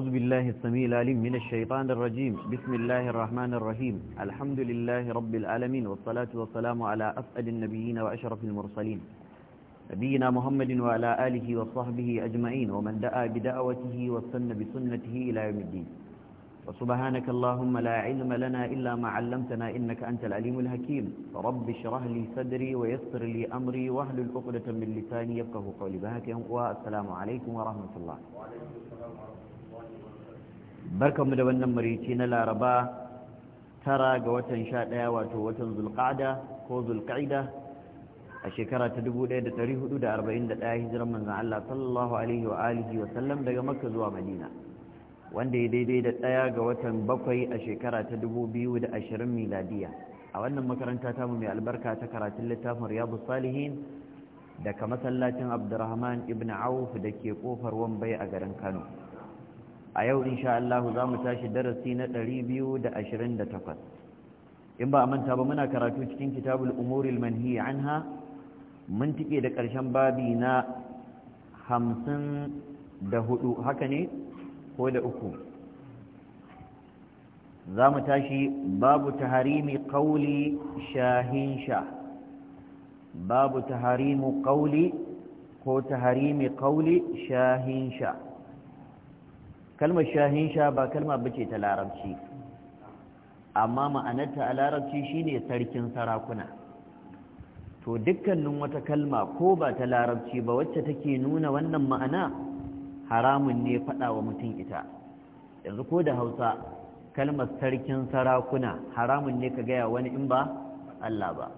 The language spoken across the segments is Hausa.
أعوذ بالله السميع العليم من الشيطان الرجيم بسم الله الرحمن الرحيم الحمد لله رب العالمين والصلاة والسلام على أسعد النبيين وأشرف المرسلين نبينا محمد وعلى آله وصحبه أجمعين ومن دعا بدعوته وسن بسنته إلى يوم الدين وسبحانك اللهم لا علم لنا إلا ما علمتنا إنك أنت العليم الحكيم رب اشرح لي صدري ويسر لي أمري واهل الأقدة من لساني يفقه قولي بهك والسلام عليكم ورحمة الله وعليكم barkanmu da wannan marici na laraba tara ga watan sha ɗaya wato watan zulƙada ko zulƙa'ida a shekara ta 1441 hijiran manzan Allah sallallahu alaihi wa alihi wa sallam daga makka zuwa madina wanda ya daidai da ɗaya ga watan bakwai a shekara ta 2020 miladiya a wannan makaranta mu mai albarka ta karatun littafin riyadu salihin daga masallacin abdurrahman ibn auf da ke kofar wambai a garin kano a yau insha Allah za mu tashi darasi na ɗari biyu da da ashirin takwas in ba a manta ba muna karatu cikin kitabul umuril manhi anha mun tike da ƙarshen babi na hudu haka ne ko da uku za mu tashi babu taharimi kauli shahin sha babu taharimu kauli ko taharimi kauli shahin sha kalmar shahin sha ba kalma bace ta larabci amma ma'anarta a larabci shine sarkin sarakuna to dukkanin wata kalma ko ba ta larabci ba wacce take nuna wannan ma'ana haramun ne faɗa wa mutum ita yanzu ko da hausa kalmar sarkin sarakuna haramun ne ka gaya wani in ba Allah ba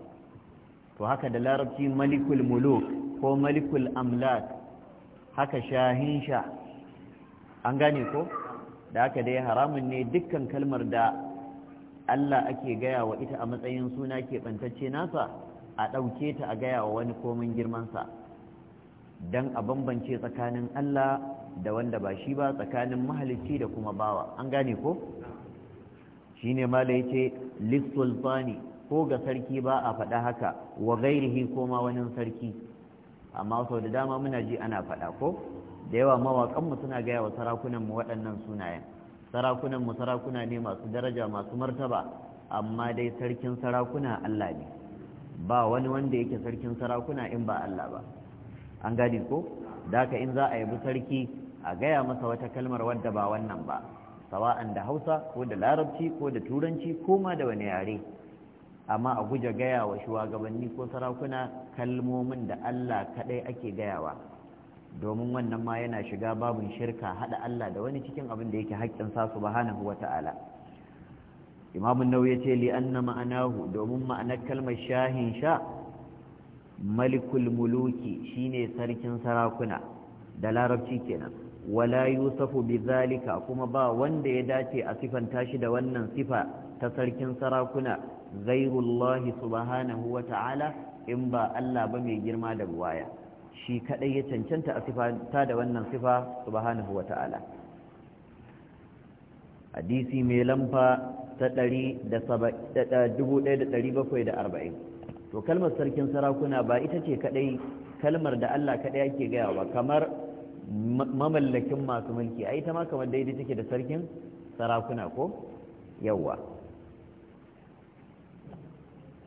to haka da larabci malikul muluk ko malikul amlak haka shahin sha an gane ko da haka dai haramun ne dukkan kalmar da Allah ake gaya wa ita a matsayin suna ke keɓantacce nasa a ɗauke ta a gaya wa wani komin girmansa don a bambance tsakanin Allah da wanda ba shi ba tsakanin mahalicci da kuma bawa an gane ko shi ne mala ya ce lissulfani ko ga sarki ba a faɗa haka wa gairihi koma wani sarki amma sau da dama muna ji ana faɗa ko da yawa mawaƙanmu suna gaya wa sarakunanmu waɗannan sunayen sarakunanmu sarakuna ne masu daraja masu martaba amma dai sarkin sarakuna Allah ne ba wani wanda yake sarkin sarakuna in ba Allah ba an gadi ko daka in za a yabi sarki a gaya masa wata kalmar wadda ba wannan ba sawa'an da hausa ko da larabci ko da turanci ko ma da wani yare amma a guje gaya wa shugabanni ko sarakuna kalmomin da Allah kaɗai ake gayawa domin wannan ma yana shiga babin shirka hada Allah da wani cikin abin da yake haƙƙin sa subhanahu wata'ala imam an-nawawi yace li anna ma'anahu domin ma'anar kalmar shahin sha malikul muluki shine sarkin sarakuna da larabci kenan wala yusafu bizalika kuma ba wanda ya dace a sifanta shi da wannan sifa ta sarkin sarakuna ghairullahi subhanahu wata'ala in ba Allah ba mai girma da waya. shi kadai ya cancanta a ta da wannan sifa subhanahu wata'ala hadisi mai lamba ta arba'in. to kalmar sarkin sarakuna ba ita ce kadai kalmar da Allah kadai yake gaya ba kamar mamallakin masu mulki ai ta ma kamar daidai take da sarkin sarakuna ko yawwa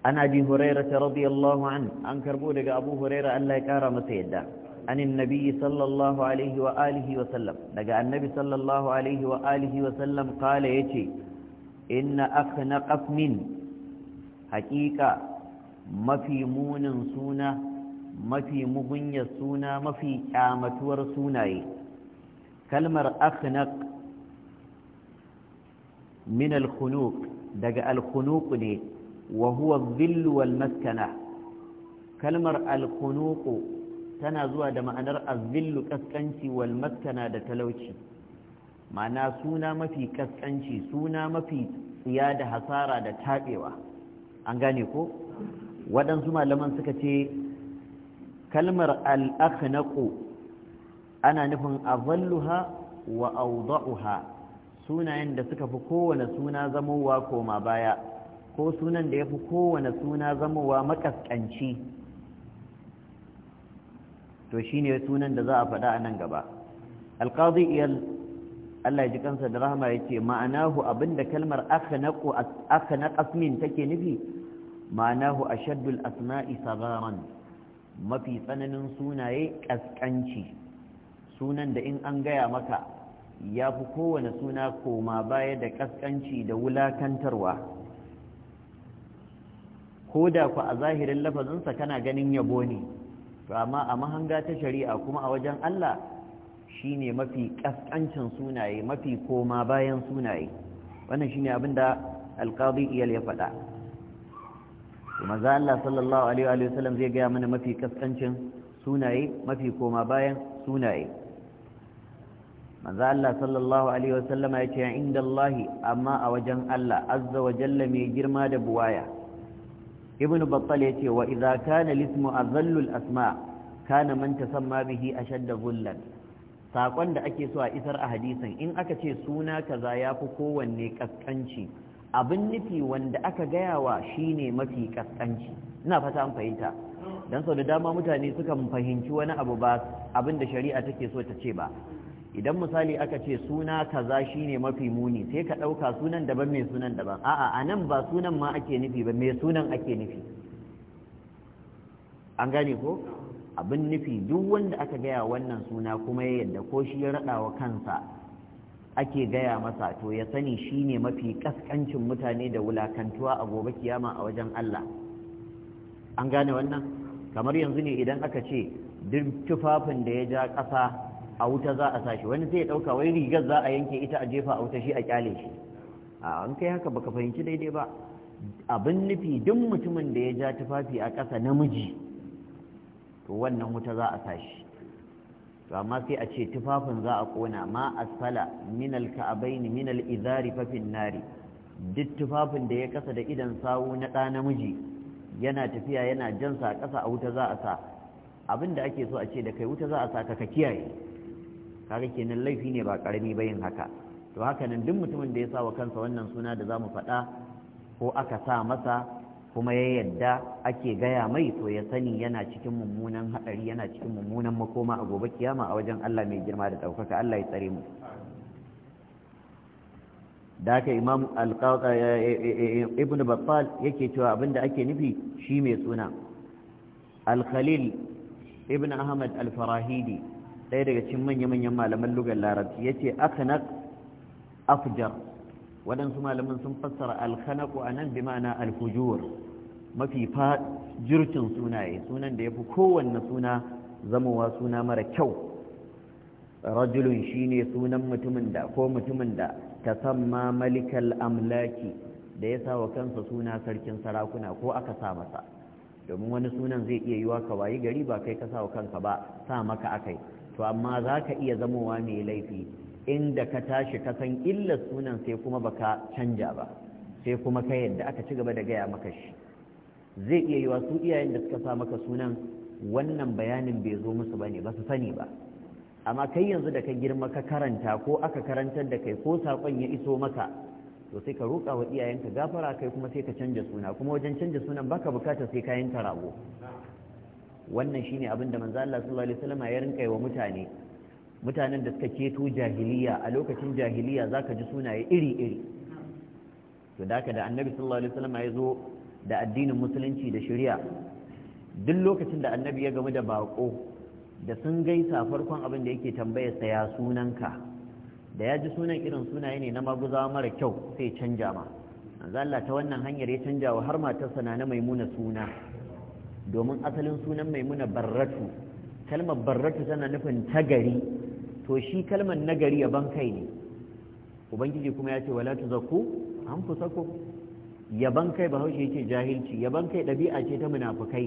an abi hurairah radiyallahu an an karbo daga abu hurairah Allah ya kara masa yadda عن النبي صلى الله عليه وآله وسلم لقى النبي صلى الله عليه وآله وسلم قال يتي إن أخنق من حقيقة ما في مون سونا ما في مغني سونا ما في كامة ورسونا كلمة أخنق من الخنوق لقى الخنوق ليه wa huwa dhillu wal maskana kalmar alkunuku tana zuwa da ma'anar azillu kaskanci wal maskana da talauci ma'ana suna mafi kaskanci suna mafi tsiya da hasara da taɓewa an gane ko waɗansu malaman suka ce kalmar al'akhnaku ana nufin azalluha wa awdahuha sunayen da suka fi kowane suna zamowa koma baya ko sunan da ya fi kowane suna zamowa makaskanci to shi ne sunan da za a faɗa a nan gaba alƙazi iyal Allah ji kansa da rahama ya ce ma'anahu abinda kalmar aka na ƙasmin take nufi ma'anahu a shaddul asma'i sabaran mafi tsananin sunaye ƙasƙanci sunan da in an gaya maka ya fi kowane suna koma baya da ƙasƙanci da wulakantarwa ko da ku a zahirin lafazinsa kana ganin yabo ne to amma a mahanga ta shari'a kuma a wajen Allah shine mafi kaskancin sunaye mafi koma bayan sunaye wannan shine abin da alqadi iyal ya faɗa kuma za Allah sallallahu alaihi wa sallam zai gaya mana mafi kaskancin sunaye mafi koma bayan sunaye manzo Allah sallallahu alaihi wa sallama yace inda Allah amma a wajen Allah azza wa jalla mai girma da buwaya ibn battal ya ce wa idza kana lismu azallul asma kana man tasamma bihi ashadda zullan sakon da ake so a isar a hadisin in aka ce suna kaza yafi kowanne kaskanci abin nufi wanda aka gaya wa shine mafi kaskanci ina fata an fahimta dan sau da dama mutane sukan fahimci wani abu ba abin da shari'a take so ta ce ba idan misali aka ce suna kaza shine mafi muni sai ka ɗauka sunan daban mai sunan daban a'a a nan ba sunan ma ake nufi ba mai sunan ake nufi an gane ko abin nufi duk wanda aka gaya wannan suna kuma ya yadda ko shi ya raɗawa kansa ake gaya masa to ya sani shine mafi kaskancin mutane da wulakantuwa a gobe kiyama a wajen Allah an gane wannan kamar yanzu ne idan aka ce duk tufafin da ya ja ƙasa a wuta za a sashi wani sai ya dauka wai rigar za a yanke ita a jefa a wuta shi a kyale shi a an kai haka baka fahimci daidai ba abin nufi duk mutumin da ya ja tufafi a ƙasa namiji to wannan wuta za a sashi to amma sai a ce tufafin za a kona ma asfala min alka'abaini min izari fa fin nari duk tufafin da ya kasa da idan sawu na ɗa namiji yana tafiya yana jansa a ƙasa a wuta za a sa abin da ake so a ce da kai wuta za a sa ka kiyaye kaga kenan laifi ne ba karami ba yin haka to haka nan duk mutumin da ya sa wa kansa wannan suna da za mu faɗa ko aka sa masa kuma ya yadda ake gaya mai to ya sani yana cikin mummunan haɗari yana cikin mummunan makoma a gobe kiyama a wajen Allah mai girma da ɗaukaka Allah ya tsare mu da haka imam eh, eh, eh, ibn battal yake cewa abinda ake nufi shi mai suna al-khalil ibn ahmad al-farahidi ɗaya daga cikin manya-manyan malaman lugar larabci ya ce akhanak afjar waɗansu malaman sun fassara alkanaku a nan bi ma'ana alfujur mafi jirkin sunaye sunan da ya fi kowanne suna zamowa suna mara kyau rajulun shi ne sunan mutumin da ko mutumin da ta samma malikal amlaki da ya sa wa kansa suna sarkin sarakuna ko aka sa masa domin wani sunan zai iya yiwa ka wayi gari ba kai ka sa wa kanka ba sa maka akai to amma za ka iya zamowa mai laifi inda ka tashi ka san illar sunan sai kuma baka canja ba sai kuma ka yadda aka ci gaba da gaya maka shi zai iya yiwa su iyayen da suka sa maka sunan wannan bayanin bai zo musu bane ba su sani ba amma kai yanzu da ka girma ka karanta ko aka karantar da kai ko sakon ya iso maka to sai ka roƙa wa iyayenka gafara kai kuma sai ka canja suna kuma wajen canja sunan baka bukata sai kayan rago wannan shine abin da manzo Allah sallallahu alaihi wasallam ya rinka wa mutane mutanen da suka keto jahiliya a lokacin jahiliya zaka ji sunaye iri iri to da haka da annabi sallallahu alaihi wasallam ya zo da addinin musulunci da shari'a duk lokacin da annabi ya gamu da bako da sun gaisa farkon abin da yake tambayarsa sa ya sunanka da ya ji sunan irin sunaye ne na maguza mara kyau sai canja ma manzo Allah ta wannan hanyar ya canja wa har matarsa na na maimuna suna domin asalin sunan maimuna barratu kalmar barratu tana nufin tagari to shi kalmar nagari yaban bankai ne ubangiji kuma ya ce wala tuzakku ku? yaban kai bahaushe yake jahilci yaban kai ɗabi'a ce ta munafukai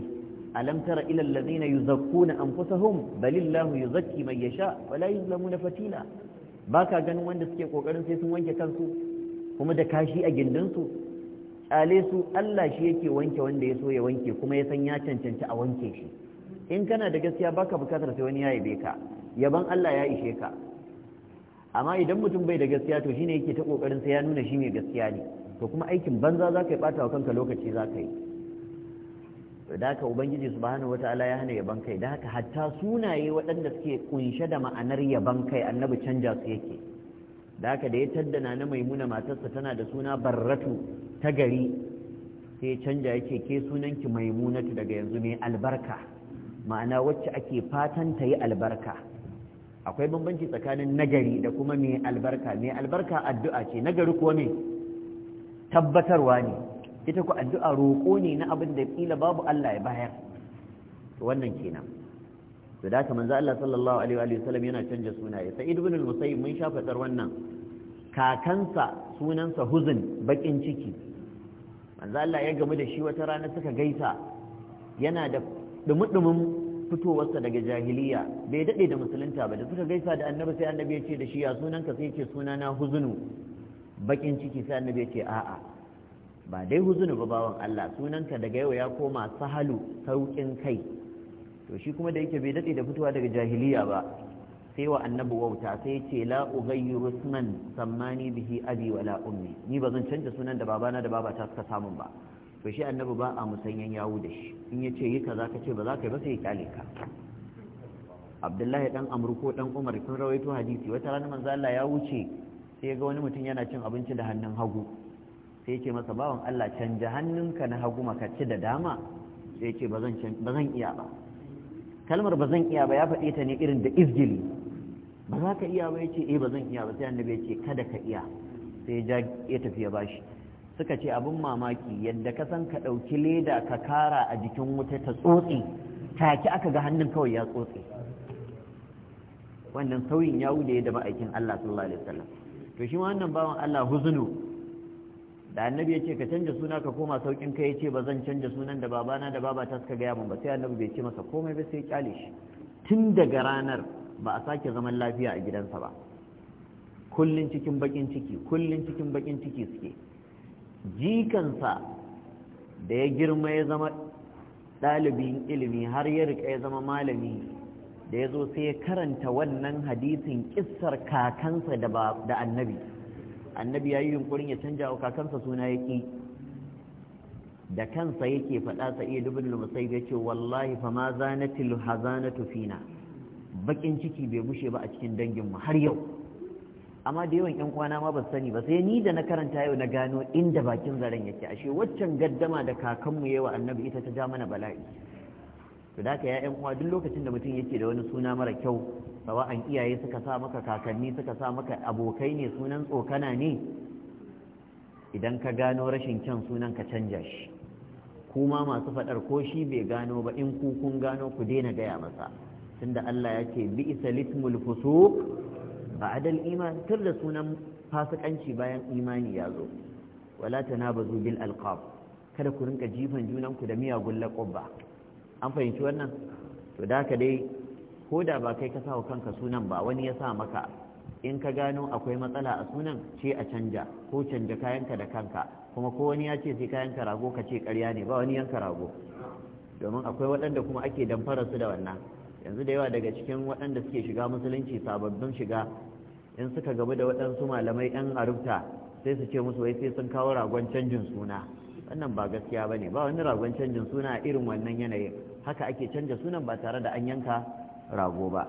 alam tara ila allazina yuzakkuna anfusahum balillahu yuzakki man yasha wala yuzlamuna fatila baka ganin wanda suke kokarin sai sun wanke kansu kuma da kashi a gindinsu alesu Allah shi yake wanke wanda ya so ya wanke kuma ya san ya cancanci a wanke shi in kana da gaskiya baka bukatar sai wani ya yabe ka yaban Allah ya ishe ka amma idan mutum bai da gaskiya to shine yake ta kokarin sai ya nuna shi mai gaskiya ne to kuma aikin banza zaka yi bata wa kanka lokaci zaka yi da haka ubangiji subhanahu wataala ya hana yaban kai da haka hatta sunaye waɗanda suke kunshe da ma'anar yaban kai annabi canja su yake da haka da ya taddana na maimuna matarsa tana da suna barratu ta gari sai canja yake ke sunanki maimunatu daga yanzu mai albarka ma'ana wacce ake fatan ta yi albarka akwai bambanci tsakanin nagari da kuma mai albarka mai albarka addu'a ce nagari ko ne tabbatarwa ne ita ku addu'a roƙo ne na abin da kila babu Allah ya bayar wannan kenan to da manzo Allah sallallahu alaihi wa sallam yana canja sunaye sa'id ibn al-musayyib mun shafa tsar wannan kakansa sunansa huzn bakin ciki manzo Allah ya gamu da shi wata rana suka gaisa yana da dumudumin fitowarsa daga jahiliya bai dade da musulunta ba da suka gaisa da annabi sai annabi ya ce da shi ya sunanka sai ya suna sunana huzunu bakin ciki sai annabi ya ce a'a ba dai huzunu ba bawan Allah sunanka daga yau ya koma sahalu sauƙin kai to shi kuma da yake bai dade da fitowa daga jahiliya ba sai wa annabi wauta sai ya ce la ughayyiru sunan sammani bihi abi wala ummi ni ba zan canza sunan da babana da babata suka samun ba to shi annabi ba a musanyen yawo da shi in ya ce yi kaza ka ce ba za ka yi ba sai ya kyale ka abdullahi dan amru ko dan umar sun rawaito hadisi wata rana manzo Allah ya wuce sai ga wani mutum yana cin abinci da hannun hagu sai ya ce masa bawan Allah canja hannunka na hagu maka ci da dama sai ya ce ba zan iya ba kalmar ba zan iya ba ya faɗe ta ne irin da izgili ba za ka iya ba ya ce eh, ba zan iya ba sai annabi ya ce kada ka iya sai ya ya tafi ya bashi suka ce abin mamaki yadda ka san ka ɗauki leda ka kara a jikin wuta ta tsotse take aka ga hannun kawai ya tsotse wannan sauyin ya wuce da ma'aikin Allah sallallahu alaihi wasallam to shi wannan bawan Allah huzunu da annabi ya ce ka canja suna ka koma saukin kai ya ce ba zan canja sunan da babana da babata suka gaya mun ba sai annabi bai ce masa komai ba sai kyale shi tun daga ranar ba a sake zaman lafiya a gidansa ba kullun cikin bakin ciki kullun cikin bakin ciki suke jikansa da ya girma ya zama ɗalibin ilimi har ya rika ya zama malami da ya zo sai ya karanta wannan hadisin kissar kakansa da annabi annabi ya yi yunkurin ya canja wa kakansa suna yaki da kansa yake faɗa sa'id ibn al-musayyib yace wallahi fa ma zanatil hazanatu fina bakin ciki bai bushe ba a cikin dangin mu har yau amma da yawan 'yan kwana ma ba sani ba sai ni da na karanta yau na gano inda bakin zaren yake ashe waccan gaddama da kakanmu yayi wa annabi ita ta ja mana bala'i to da ya ƴan uwa duk lokacin da mutum yake da wani suna mara kyau sawa'an iyaye suka sa maka kakanni suka sa maka abokai ne sunan tsokana ne idan ka gano rashin kyan sunan ka canja shi kuma masu faɗar ko shi bai gano ba in ku kun gano ku daina gaya masa tunda Allah ya ce bi isa litmul fusuq ba'dal iman tur da sunan fasikanci bayan imani ya zo wala tanabazu bil alqab kada ku rinka jifan junan ku da miyagun laqab an fahimci wannan to da ka dai ko da ba kai ka sawa kanka sunan ba wani ya sa maka in ka gano akwai matsala a sunan ce a canja ko canja kayanka da kanka kuma ko wani ya ce sai kayanka rago ka ce ƙarya ne ba wani yanka rago domin akwai waɗanda kuma ake damfara su da wannan yanzu da yawa daga cikin waɗanda suke shiga musulunci sababbin shiga in suka gabu da waɗansu malamai ɗan arubta sai su ce musu wai sai sun kawo ragon canjin suna wannan ba gaskiya ba ne ba wani ragon canjin suna irin wannan yanayin haka ake canja sunan ba tare da an yanka rago ba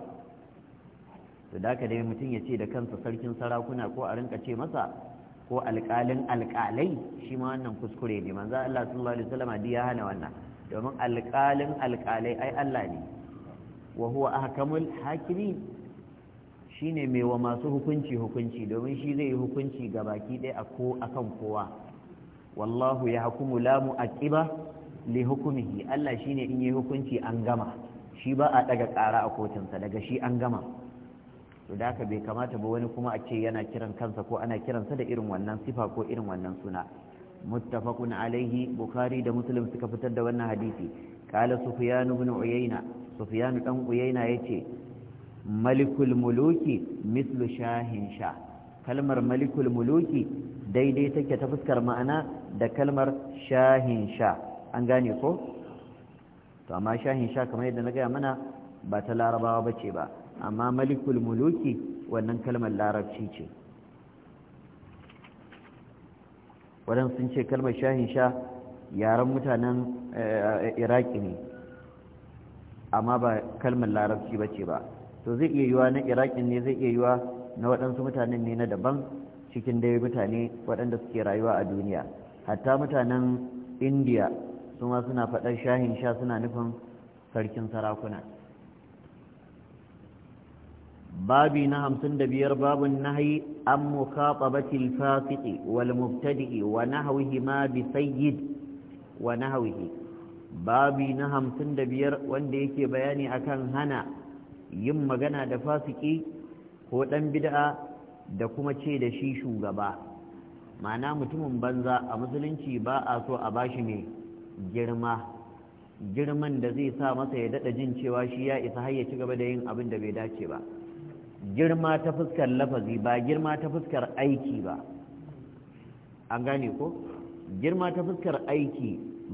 to da ka dai mutum ya ce da kansa sarkin sarakuna ko a rinka ce masa ko alƙalin alƙalai shi ma wannan kuskure ne manzo Allah sallallahu alaihi wasallam ya hana wannan domin alƙalin alƙalai ai Allah ne wa huwa ahkamul shi shine mai wa masu hukunci hukunci domin shi zai yi hukunci ga baki ɗaya a ko akan kowa wallahu ya hukumu la mu'aqiba li hukumihi Allah shine in yi hukunci an gama shi ba a ɗaga ƙara a kotunsa daga shi an gama to da haka bai kamata ba wani kuma a ce yana kiran kansa ko ana kiransa da irin wannan sifa ko irin wannan suna muttafaqun alaihi bukhari da muslim suka fitar da wannan hadisi qala sufyan ibn uyayna sufyan dan uyayna yace malikul muluki mislu shahin sha kalmar malikul muluki daidai take ta fuskar ma'ana da kalmar shahin sha an gane ko to amma shahin sha kamar yadda na gaya mana ba ta larabawa ba ce ba amma malikul muluki wannan kalmar larabci ce wadan sun ce kalmar shahin sha yaren mutanen eh, iraki ne amma ba kalmar larabci ba ce ba to zai iya yiwa na iraki ne zai iya yiwa na waɗansu mutanen ne na daban cikin dai mutane waɗanda suke rayuwa a duniya hatta mutanen indiya suma suna faɗar shahin sha suna nufin sarkin sarakuna babi na hamsin da biyar babin nahayi an mukhatabatil fasiqi wal mubtadi'i wa nahwihi ma bi sayyid wa babi na hamsin da biyar wanda yake bayani akan hana yin magana da fasiki ko ɗan bid'a da kuma ce da shi shugaba ma'ana mutumin banza a musulunci ba a so a bashi ne girma girman da zai sa masa ya dada jin cewa shi ya isa har ya ci gaba da yin abin da bai dace ba girma ta fuskar lafazi ba girma ta fuskar aiki ba an gane ko girma ta fuskar aiki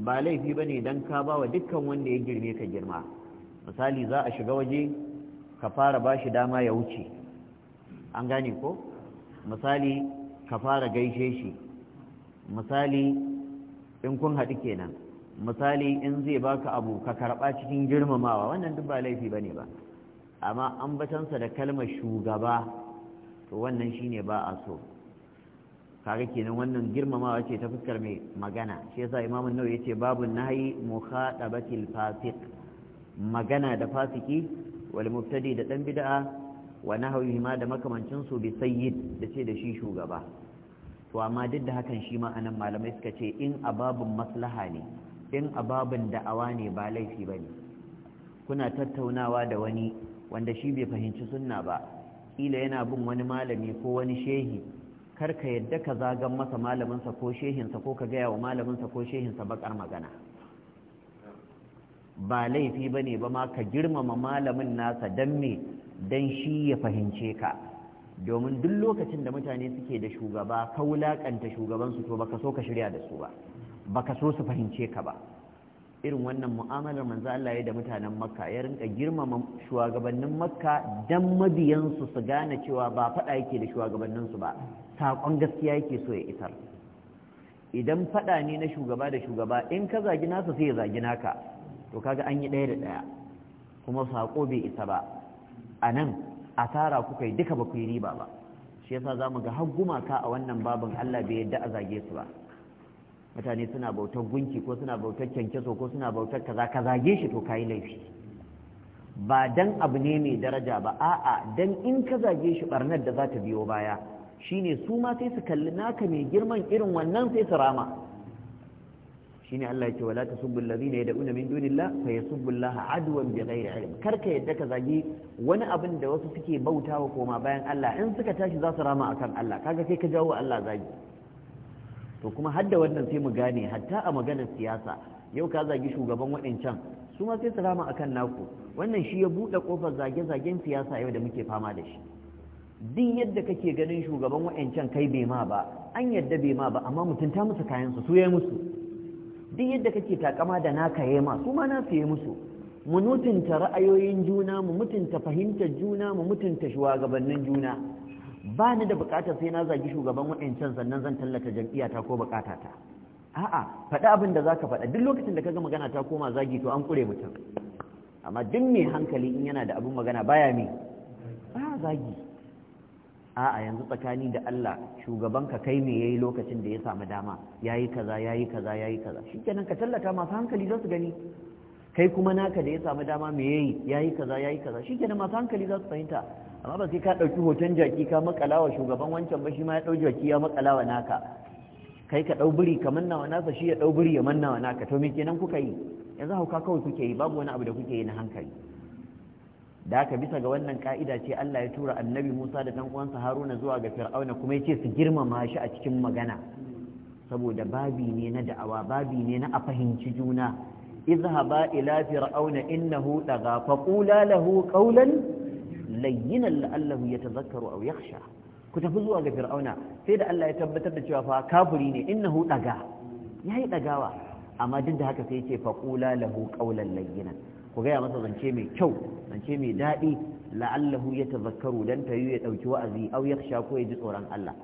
ba laifi ba ne don ka ba wa dukkan wanda ya girme ka girma misali za a shiga waje ka fara ba shi dama ya wuce an gane ko misali ka fara gaishe shi misali in kun haɗu kenan misali in zai baka abu ka karba cikin girmamawa wannan duk ba laifi bane ba amma ambatansa da kalmar shugaba to wannan shine ba a so kaga kenan wannan girmamawa ce ta fuskar mai magana shi yasa imamu nawawi yace babu nahyi mukhatabatil fasiq magana da fasiki wal mubtadi da dan bid'a wa nahwihi ma da makamancin su bi sayyid da ce da shi shugaba to amma duk da hakan shi ma anan malamai suka ce in ababun maslaha ne in ababin da'awa ne ba laifi ba ne kuna tattaunawa da wani wanda shi bai fahimci sunna ba Ila yana bin wani malami ko wani shehi kar ka yadda ka zagan masa malaminsa ko shehinsa ko ka gaya wa malaminsa ko shehinsa bakar magana ba laifi ba ne ba ma ka girmama malamin nasa don me don shi ya fahimce ka domin duk lokacin da mutane suke da shugaba ka wulaƙanta shugabansu to baka so ka shirya da su ba baka so su fahimce ka ba irin wannan mu'amalar manzo Allah ya da mutanen makka ya rinka girmama shugabannin makka dan mabiyansu su gane cewa ba faɗa yake da shugabanninsu ba saƙon gaskiya yake so ya isar idan faɗa ne na shugaba da shugaba in ka zagi nasa sai ya zagi naka to kaga an yi ɗaya da ɗaya kuma sako bai isa ba a nan asara kuka yi duka ba ku yi riba ba shi yasa zamu ga har gumaka a wannan babin Allah bai yadda a zage su ba mutane suna bautar gunki ko suna bautar kyankyaso ko suna bautar kaza ka zage shi to kayi laifi ba dan abu ne mai daraja ba a'a dan in ka zage shi barnar da za ta biyo baya shine su ma sai su kalli naka mai girman irin wannan sai su rama shine Allah yake wala ta subbul ladina yad'una min dunillah fa yasubbu adwan bighairi ilm karka yadda ka zage wani abin da wasu suke bautawa koma bayan Allah in suka tashi za su rama akan Allah kaga kai ka jawo Allah zagi to kuma hadda da wannan sai mu gane hatta a maganar siyasa yau ka zagi shugaban waɗancan su ma sai su a kan naku wannan shi ya buɗe ƙofar zage-zagen siyasa yau da muke fama da shi duk yadda kake ganin shugaban waɗancan kai bai ma ba an yadda bai ma ba amma mutunta musu kayansu su ya musu duk yadda kake takama da naka ya ma su ma na su musu mu mutunta ra'ayoyin juna mu mutunta fahimtar juna mu mutunta shugabannin juna ba ni da bukatar sai na zagi shugaban wa'ancan sannan zan tallata jam'iyyata ko bukatata a'a faɗi abin da zaka faɗa duk lokacin da kaga magana ta koma zagi to an kure mutum amma duk mai hankali in yana da abin magana baya me ba zagi a'a yanzu tsakani da Allah shugabanka kai me yayi lokacin da ya samu dama yayi kaza yayi kaza yayi kaza shikenan ka tallata masu hankali za su gani kai kuma naka da ya samu dama me yayi yayi kaza yayi kaza shikenan masu hankali za su fahimta amma ba sai ka ɗauki hoton jaki ka makalawa shugaban wancan ba shi ma ya ɗau jaki ya makalawa naka kai ka ɗau biri ka manna wa nasa shi ya ɗau biri ya manna wa naka to me kenan kuka yi yanzu hauka kawai kuke yi babu wani abu da kuke yi na hankali da haka bisa ga wannan ka'ida ce Allah ya tura annabi Musa da ɗan uwansa Haruna zuwa ga Fir'auna kuma ya ce su girmama shi a cikin magana saboda babi ne na da'awa babi ne na a fahimci juna izhaba ila fir'auna innahu daga faqula lahu qawlan layyinan la'allahu yatazakkaru aw yakhsha ku tafi zuwa ga fir'auna sai da Allah ya tabbatar da cewa fa kafuri ne innahu daga yayi dagawa amma duk da haka sai yace faqula lahu qawlan layyinan ku gaya masa zance mai kyau zance mai daɗi la'allahu yatazakkaru dan yi ya dauki wa'azi aw yakhsha ko ya ji tsoron Allah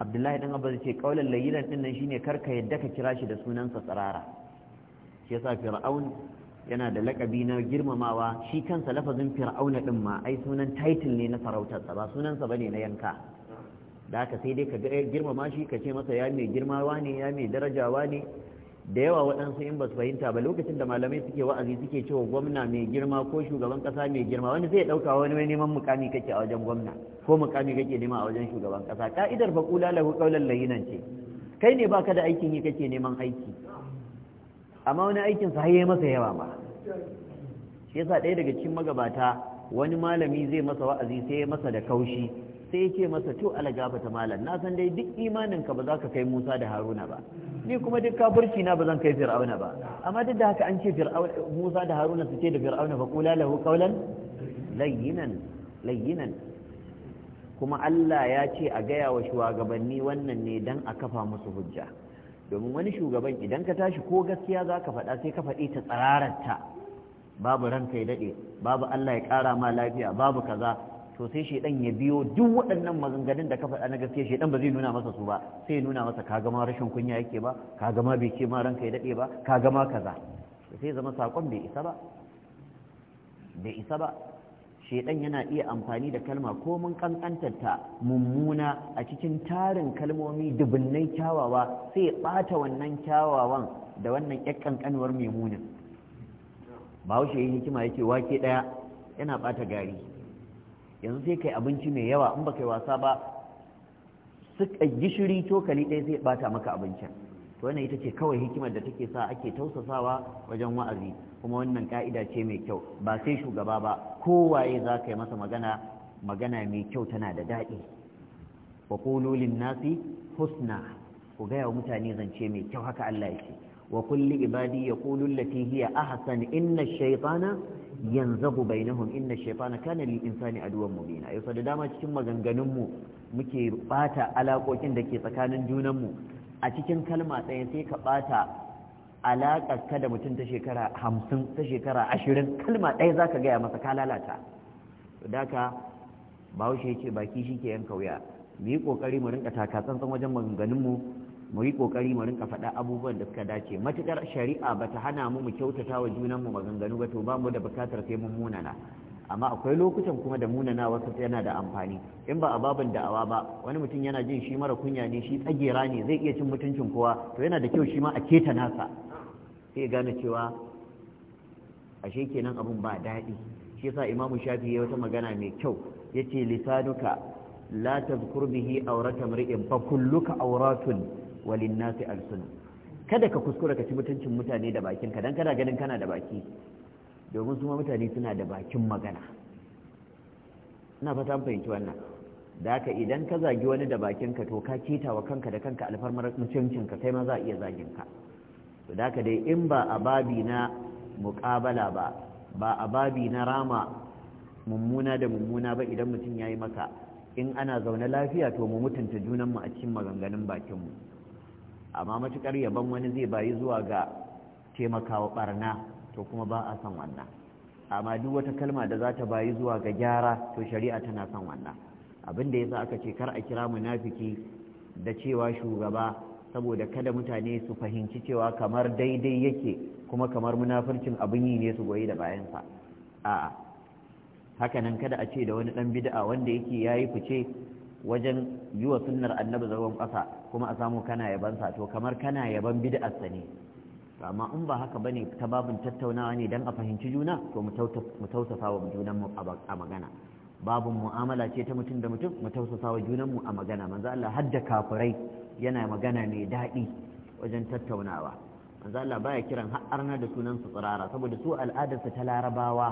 abdullahi dan abbas ce kaulan layyinan din nan shine karka yadda ka kira shi da sunansa tsarara shi yasa fir'aun yana da lakabi na girmamawa shi kansa lafazin fir'auna din ma ai sunan title ne na sarautar ba sunansa bane na yanka da haka sai dai ka ga eh, girmama shi ka ce masa ya mai girmawa ne ya mai darajawa ne da yawa waɗansu in ba su fahimta ba lokacin da malamai suke wa'azi suke cewa gwamna mai girma ko shugaban ƙasa mai girma wani zai ɗauka wani mai neman mukami kake a wajen gwamna ko mukami kake nema a wajen shugaban kasa ka'idar faƙula lahu ƙaular layinan ce kai ne baka da aikin yi kake neman aiki amma wani aikin sa haye masa yawa ba shi yasa ɗaya daga cikin magabata wani malami zai masa wa'azi sai ya masa da kaushi sai ya ce masa to alagafata malam na san dai duk imanin ka ba za ka kai Musa da Haruna ba ni kuma duk kafirci na ba zan kai Fir'auna ba amma duk da haka an ce Musa da Haruna su ce da Fir'auna fa qula lahu qawlan layyinan layyinan kuma Allah ya ce a gaya wa shugabanni wannan ne dan a kafa musu hujja domin wani shugaban idan ka tashi ko gaskiya za ka faɗa sai ka faɗi ta tsararta babu ranka ya daɗe babu Allah ya ƙara ma lafiya babu kaza to sai dan ya biyo duk waɗannan maganganun da ka faɗa na gaskiya shedan ba zai nuna masa su ba sai nuna masa ka gama rashin kunya yake ba ka gama bai ce ma ranka ya daɗe ba ka gama kaza sai zama sakon bai isa ba bai isa ba shedan yana iya amfani da kalma ko mun kankantarta mummuna a cikin tarin kalmomi dubunnai kyawawa sai ya bata wannan kyawawan da wannan ƴar kankanuwar memunin wuce yin hikima yake wake daya yana bata gari yanzu sai kai abinci mai yawa in baka yi wasa ba suka gishiri cokali ɗaya zai bata maka abincin to wannan ita ce kawai hikimar da take sa ake tausasawa wajen wa'azi kuma wannan ka'ida ce mai kyau ba sai shugaba ba kowaye za ka yi masa magana magana mai kyau tana da daɗi wa kulolin nasi husna ku gaya wa mutane zance mai kyau haka Allah ya ce wa kulli ibadi ya kulun lati hiya ahsan inna shaytana yanzabu bainahum inna shaytana kana lil insani aduwwan mubina yau da dama cikin maganganun mu muke bata alakokin da ke tsakanin junan mu a cikin kalma ɗaya sai ka bata alaƙar ka da mutum ta shekara hamsin ta shekara ashirin kalma ɗaya za ka gaya masa ka lalata da ka bahaushe ce baki shi ke yanka wuya mu yi ƙoƙari mu rinka takatsantsan wajen maganganunmu mu yi ƙoƙari mu rinka faɗa abubuwan da suka dace matuƙar shari'a ba ta hana mu mu kyautata wa junanmu maganganu ba to ba mu da buƙatar sai mun munana amma akwai lokutan kuma da munana wasu yana da amfani in ba a babin da'awa ba wani mutum yana jin shi mara kunya ne shi tsagera ne zai iya cin mutuncin kowa to yana da kyau shi ma a keta nasa sai gane cewa ashe kenan abun ba daɗi shi yasa imamu shafi ya wata magana mai kyau yace lisanuka la tazkur bihi awrata mar'in fa kulluka awratun walin nasi alsun kada ka kuskura ka ci mutuncin mutane da bakinka dan kana ganin kana da baki domin su mutane suna da bakin magana ina fata fahimci wannan da haka idan ka zagi wani da bakinka to ka keta wa kanka da kanka alfarmar ka kai ma za a iya zagin ka. da ka dai in ba a babi na muƙabala ba ba a babi na rama mummuna da mummuna ba idan mutum ya yi maka in ana zaune lafiya to mu mutunta junanmu a cikin maganganun bakinmu amma matuƙar yaban wani zai bayi zuwa ga taimakawa barna to kuma ba a son wannan amma duk wata kalma da za ta bayi zuwa ga gyara to shari'a tana son wannan abin da yasa aka ce kar a kira munafiki da cewa shugaba saboda kada mutane su fahimci cewa kamar daidai yake kuma kamar munafircin abin yi ne su goyi da bayansa a'a hakanan kada a ce da wani dan bid'a wanda yake yayi fice wajen yi wa sunnar annabi zagon kasa kuma a samu kana sa to kamar kana yaban bid'arsa ne amma in ba haka bane ta babin tattaunawa ne dan a fahimci juna to mu tausasa wa junan mu a magana babu mu'amala ce ta mutum da mutum mu tausasa wa mu a magana manzo Allah hadda kafirai yana magana mai daɗi wajen tattaunawa manzo Allah baya kiran har da sunan su tsirara saboda su al'adarsa ta larabawa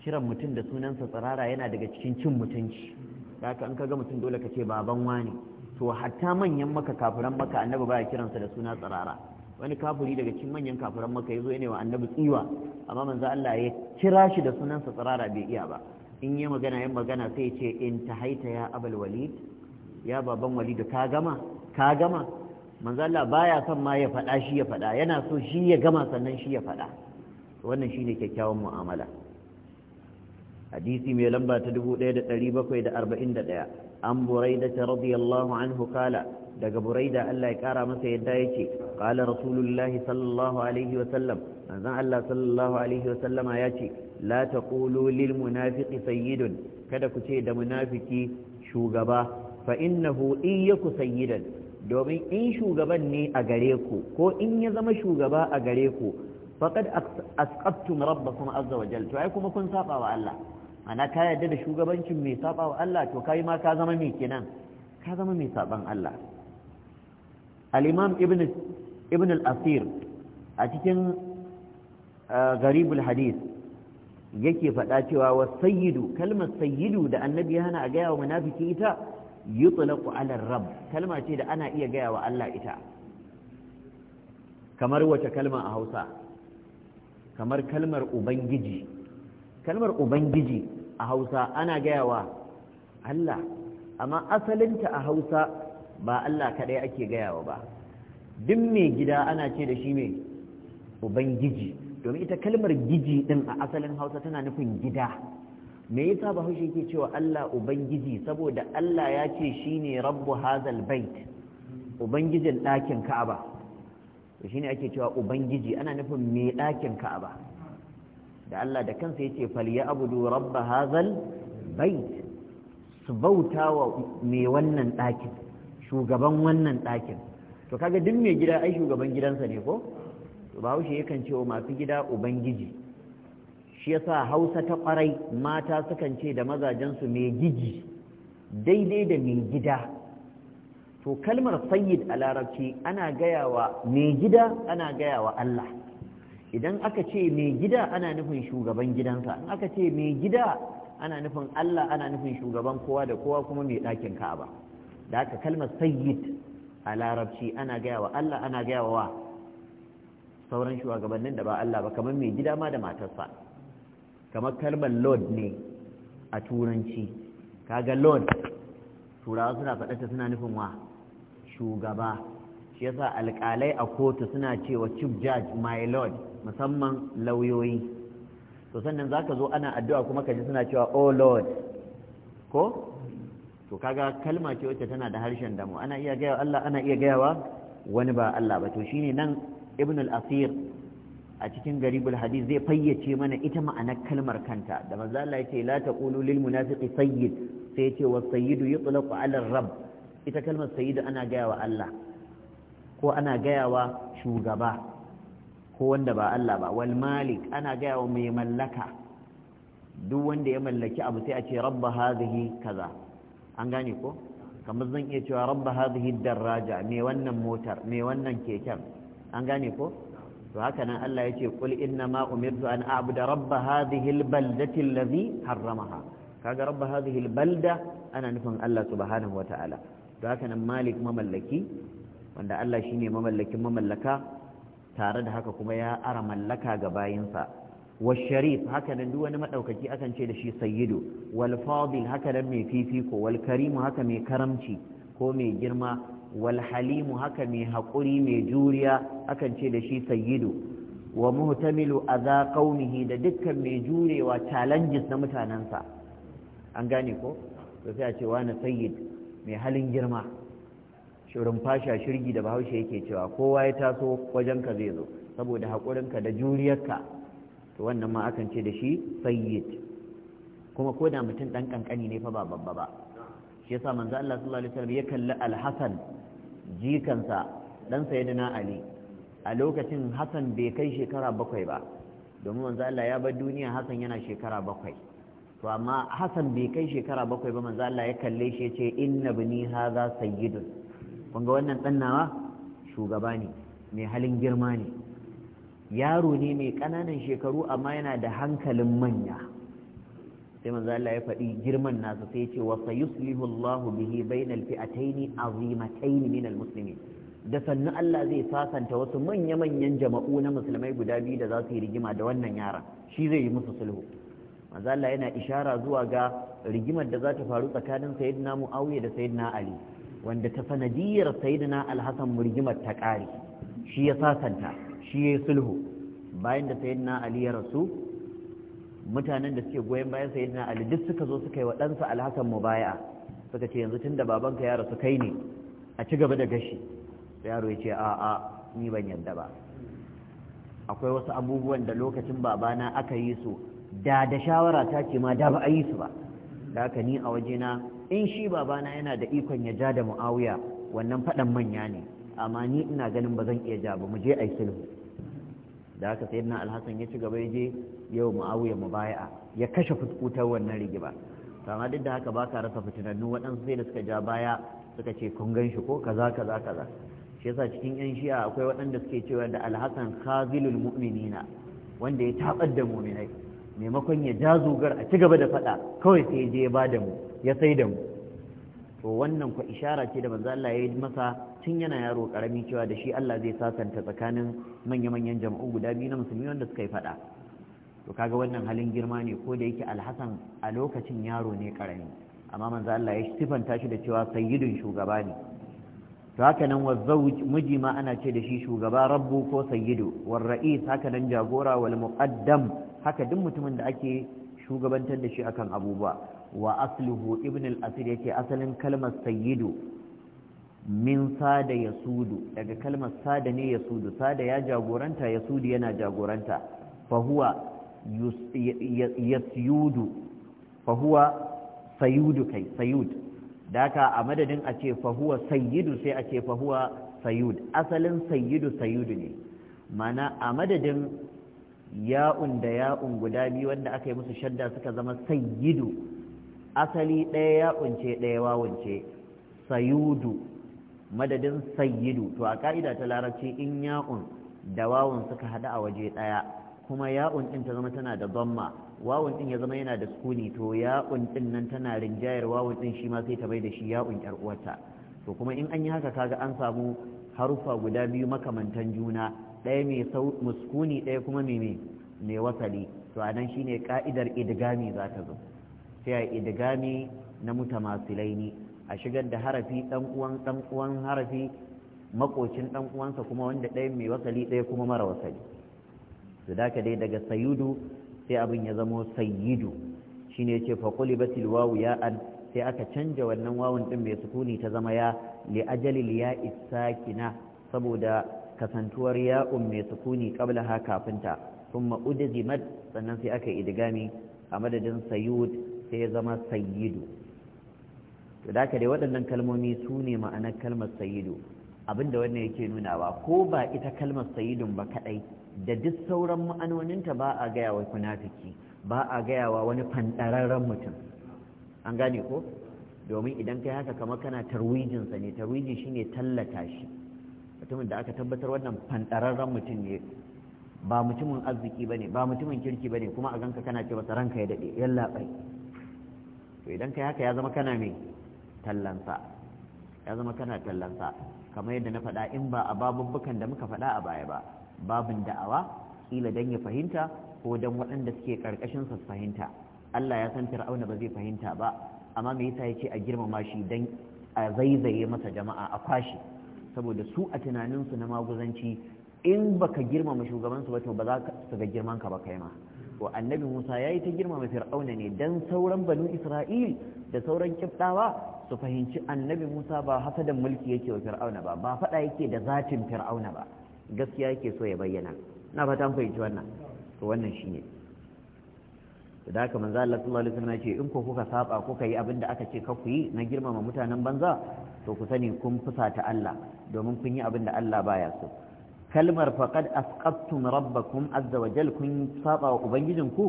kiran mutum da sunan sa tsirara yana daga cikin cin mutunci haka an kaga mutum dole ka ce baban wani to hatta manyan maka kafiran maka annabi baya kiransa da suna tsirara wani kafuri daga cikin manyan kafiran maka yazo ne wa annabi tsiwa amma manzo Allah ya kira shi da sunansa tsirara bai iya ba in yi magana yin magana sai ce in ta haita ya abal walid ya baban walid ka gama ka gama manzo Allah baya son ma ya fada shi ya fada yana so shi ya gama sannan shi ya fada. wannan shine kyakkyawan mu'amala hadisi mai lamba ta 1741 an buraida radiyallahu anhu kala daga buraida Allah ya kara masa yadda ce, qala rasulullahi sallallahu alaihi wa sallam manzon Allah sallallahu alaihi wa sallama yace la ta lil munafiqi sayyidun kada ku ce da munafiki shugaba fa innahu iyyaku sayyidan domin in shugaban ne a gare ku ko in ya zama shugaba a gare ku faqad asqaftum rabbakum azza wa jalla to ai kuma kun saba wa Allah ana ka yarda da shugabancin mai saba wa Allah to kai ma ka zama mai kenan ka zama mai saban Allah alimam ibn ibn al-asir a cikin uh, garibul hadis yake faɗa cewa wa sayyidu kalmar sayyidu da annabi hana a gaya wa munafiki ita yutlaqu ala rabb kalma ce da ana iya gaya wa Allah ita kamar wace kalma a Hausa kamar kalmar ubangiji kalmar ubangiji a Hausa ana gaya wa Allah amma asalinta a Hausa ba Allah kaɗai ake gayawa ba duk mai gida ana ce da shi mai ubangiji domin ita kalmar giji din a asalin hausa tana nufin gida me yasa bahaushe yake cewa Allah ubangiji saboda Allah ya ce shi ne rabbu hazal bait ubangijin ɗakin Ka'aba shi ne ake cewa ubangiji ana nufin me ɗakin Ka'aba da Allah da kansa ya ce, yace abudu rabb hazal bait su bauta wa mai wannan ɗakin shugaban wannan ɗakin to kaga duk mai gida ai shugaban gidansa ne ko to bahaushe yakan ce wa masu gida ubangiji shi yasa hausa ta kwarai mata sukan ce da mazajensu mai giji daidai da mai gida to kalmar sayyid a larabci ana gaya wa mai gida ana gaya wa Allah idan aka ce mai gida ana nufin shugaban gidansa in aka ce mai gida ana nufin Allah ana nufin shugaban kowa da kowa kuma mai ɗakin ka'aba da aka kalmar sayyid a larabci ana gaya wa Allah ana gaya wa sauran shugabannin da ba Allah ba kamar mai gida ma da matarsa kamar kalmar lord ne a turanci kaga lord turawa suna faɗata suna nufin wa shugaba shi yasa alƙalai a kotu suna cewa chief judge my lord musamman lauyoyi to sannan zaka zo ana addu'a kuma ka ji suna cewa oh lord ko to kaga kalma ce wacce tana da harshen damu ana iya gaya Allah ana iya wa wani ba Allah ba to shine nan ibn al-asir a cikin garibul hadith zai fayyace mana ita ma'anar kalmar kanta da manzo Allah yace la taqulu lil munafiqi sayyid sai yace wa sayyidu yutlaqu ala rabb ita kalmar sayyidu ana gaya wa Allah ko ana gaya wa shugaba ko wanda ba Allah ba wal malik ana gaya wa mai mallaka duk wanda ya mallaki abu sai a ce rabba hadhihi kaza an gane ko kamar zan iya cewa rabba hadhihi darraja me wannan motar me wannan keken an gane ko to haka nan Allah yace qul inna ma umirtu an a'budu rabba hadhihi albaldati allazi harramaha kaga rabba hadhihi albalda ana nufin Allah subhanahu wataala to haka nan malik mamallaki wanda Allah shine mamallakin mamallaka tare da haka kuma ya ara mallaka ga bayinsa wa sharif haka nan duk wani madaukaki akan ce da shi sayyidu wal fadil haka mai fifiko wal karimu haka mai karamci ko mai girma wal halimu haka mai haƙuri mai juriya akan ce da shi sayyidu wa a adha qaumihi da dukkan mai jurewa challenges na mutanansa an gane ko to a ce wani sayyid mai halin girma shirin fasha shirgi da bahaushe yake cewa kowa ya taso wajenka zai zo saboda haƙurinka da juriyarka to wannan ma akan ce da shi sayyid kuma ko da mutum dan kankani ne fa ba babba ba shi yasa manzo Allah sallallahu alaihi wasallam ya kalli al-Hasan jikansa dan sayyidina Ali a lokacin Hassan bai kai shekara bakwai ba domin manzo Allah ya bar duniya Hassan yana shekara bakwai to amma Hassan bai kai shekara bakwai ba manzo Allah ya kalle shi ya ce inna bani hadha sayyidun kun ga wannan ɗan nawa shugaba ne mai halin girma ne yaro ne mai ƙananan shekaru amma yana da hankalin manya sai manzo Allah ya faɗi girman nasa sai ya ce wa sayuslihu Allahu bihi bainal fi'ataini azimataini minal da sannu Allah zai sasanta wasu manya-manyan jama'u na musulmai guda biyu da za su yi rigima da wannan yaran shi zai yi musu sulhu manzo Allah yana ishara zuwa ga rigimar da za ta faru tsakanin sayyidina Muawiya da sayyidina Ali wanda ta sanadiyar sayyidina Al-Hasan rigimar ta kare shi ya sasanta shi ya sulhu bayan da na ali ya rasu mutanen da suke goyon bayan na ali duk suka zo suka yi wa ɗansa alhassan baya suka ce yanzu tunda babanka ya rasu kai ne a ci gaba da gashi yaro ya ce a'a ni ban yadda ba akwai wasu abubuwan da lokacin babana aka yi su da da shawara ta ce ma da ba a yi su ba da haka ni a wajena in shi babana yana da ikon ya ja da mu'awiya wannan faɗan manya ne amma ni ina ganin ba zan iya ja ba mu je a yi da haka sai na alhassan ya ci gaba ya je yau mu baya ya kashe fuskutar wannan rigima amma duk da haka ba ka rasa fitinannu waɗansu sai da suka ja baya suka ce kun gan shi ko kaza kaza kaza shi yasa cikin yan shi'a akwai waɗanda suke cewa da alhassan khazilul mu'minina wanda ya tabar da mu'minai maimakon ya ja zugar a ci gaba da faɗa kawai sai ya je ya ba da mu ya sai da mu to wannan ku ishara ce da manzo Allah ya yi masa tun yana yaro karami cewa da shi Allah zai sasanta tsakanin manya-manyan jama'u guda biyu na musulmi wanda suka yi fada to kaga wannan halin girma ne ko da yake alhassan a lokacin yaro ne karami amma manzo Allah ya sifanta shi da cewa sayyidun shugaba ne to haka nan wa zawj miji ma ana ce da shi shugaba rabbu ko sayyidu war ra'is haka nan jagora wal muqaddam haka duk mutumin da ake shugabantar da shi akan abubuwa wa asluhu ibn al-asir yace asalin kalmar sayyidu min sada yasudu daga kalmar sada ne yasudu sada ya jagoranta yasudu yana jagoranta fa huwa yasyudu fa huwa kai daka a madadin a ce fa huwa sayyidu sai a ce fa huwa sayud asalin sayyidu sayudu ne mana a madadin ya'un da ya'un guda biyu wanda aka yi musu shadda suka zama sayyidu asali ɗaya ya kunce ɗaya wawance sayudu madadin sayyidu to a ƙa'ida ta larabci in ya'un da wawun suka haɗu a waje ɗaya kuma ya'un ɗin ta zama tana da zamma wawun ɗin ya zama yana da sukuni to ya'un ɗin nan tana rinjayar wawun ɗin shi ma sai ta bai da shi ya'un ƴar uwarta to kuma in an yi haka kaga an samu harufa guda biyu makamantan juna ɗaya mai muskuni ɗaya kuma mai wasali to a nan shine ka'idar idgami za ta zo sai a idigami na mutamasilai a shigar da harafi dan uwan dan uwan harafi makocin dan uwansa kuma wanda ɗaya mai wasali ɗaya kuma mara wasali su da dai daga sayudu sai abin ya zamo sayyidu shine yace fa qulibatil wawu ya'an sai aka canja wannan wawun ɗin mai sukuni ta zama ya li ajalil isa kina saboda kasantuwar ya'un mai sukuni ha kafinta thumma udzimat sannan sai aka yi idigami a madadin sayud sai ya zama sayyidu to da ka dai waɗannan kalmomi su ne ma'anar kalmar sayyidu abinda wannan yake nunawa ko ba ita kalmar sayidun ba kaɗai da duk sauran ma'anoninta ba a gaya wa kunafiki ba a gaya wa wani fandararren mutum an gane ko domin idan kai haka kamar kana tarwijinsa ne tarwiji shine tallata shi mutumin da aka tabbatar wannan fandararren mutum ne ba mutumin arziki bane ba mutumin kirki bane kuma a ganka kana ce masa ranka ya dade yalla to idan kai haka ya zama kana mai tallansa ya zama kana tallansa kamar yadda na faɗa in ba a babubbukan da muka faɗa a baya ba babin da'awa ila dan ya fahimta ko dan waɗanda suke karkashin su fahimta Allah ya san Fir'auna ba zai fahimta ba amma me yasa yace a girmama shi dan a zaizaye masa jama'a a kwashi saboda su a tunanin su na maguzanci in baka girmama shugabansu ba to ba za su ga girman ka ba kai ma to annabi musa ya yi ta girmama fir'auna ne dan sauran banu isra'il da sauran kiftawa su fahimci annabi musa ba hasadan mulki yake wa fir'auna ba ba faɗa yake da zatin fir'auna ba gaskiya yake so ya bayyana na fata an fahimci wannan to wannan shine da haka manzo Allah sallallahu alaihi wasallam ya ce in ko kuka saba kuka yi abin da aka ce ka ku yi na girmama mutanen banza to ku sani kun ta Allah domin kun yi abin da Allah baya so kalmar Fakad asqattum Rabba azza wa kun saba wa ubangijinku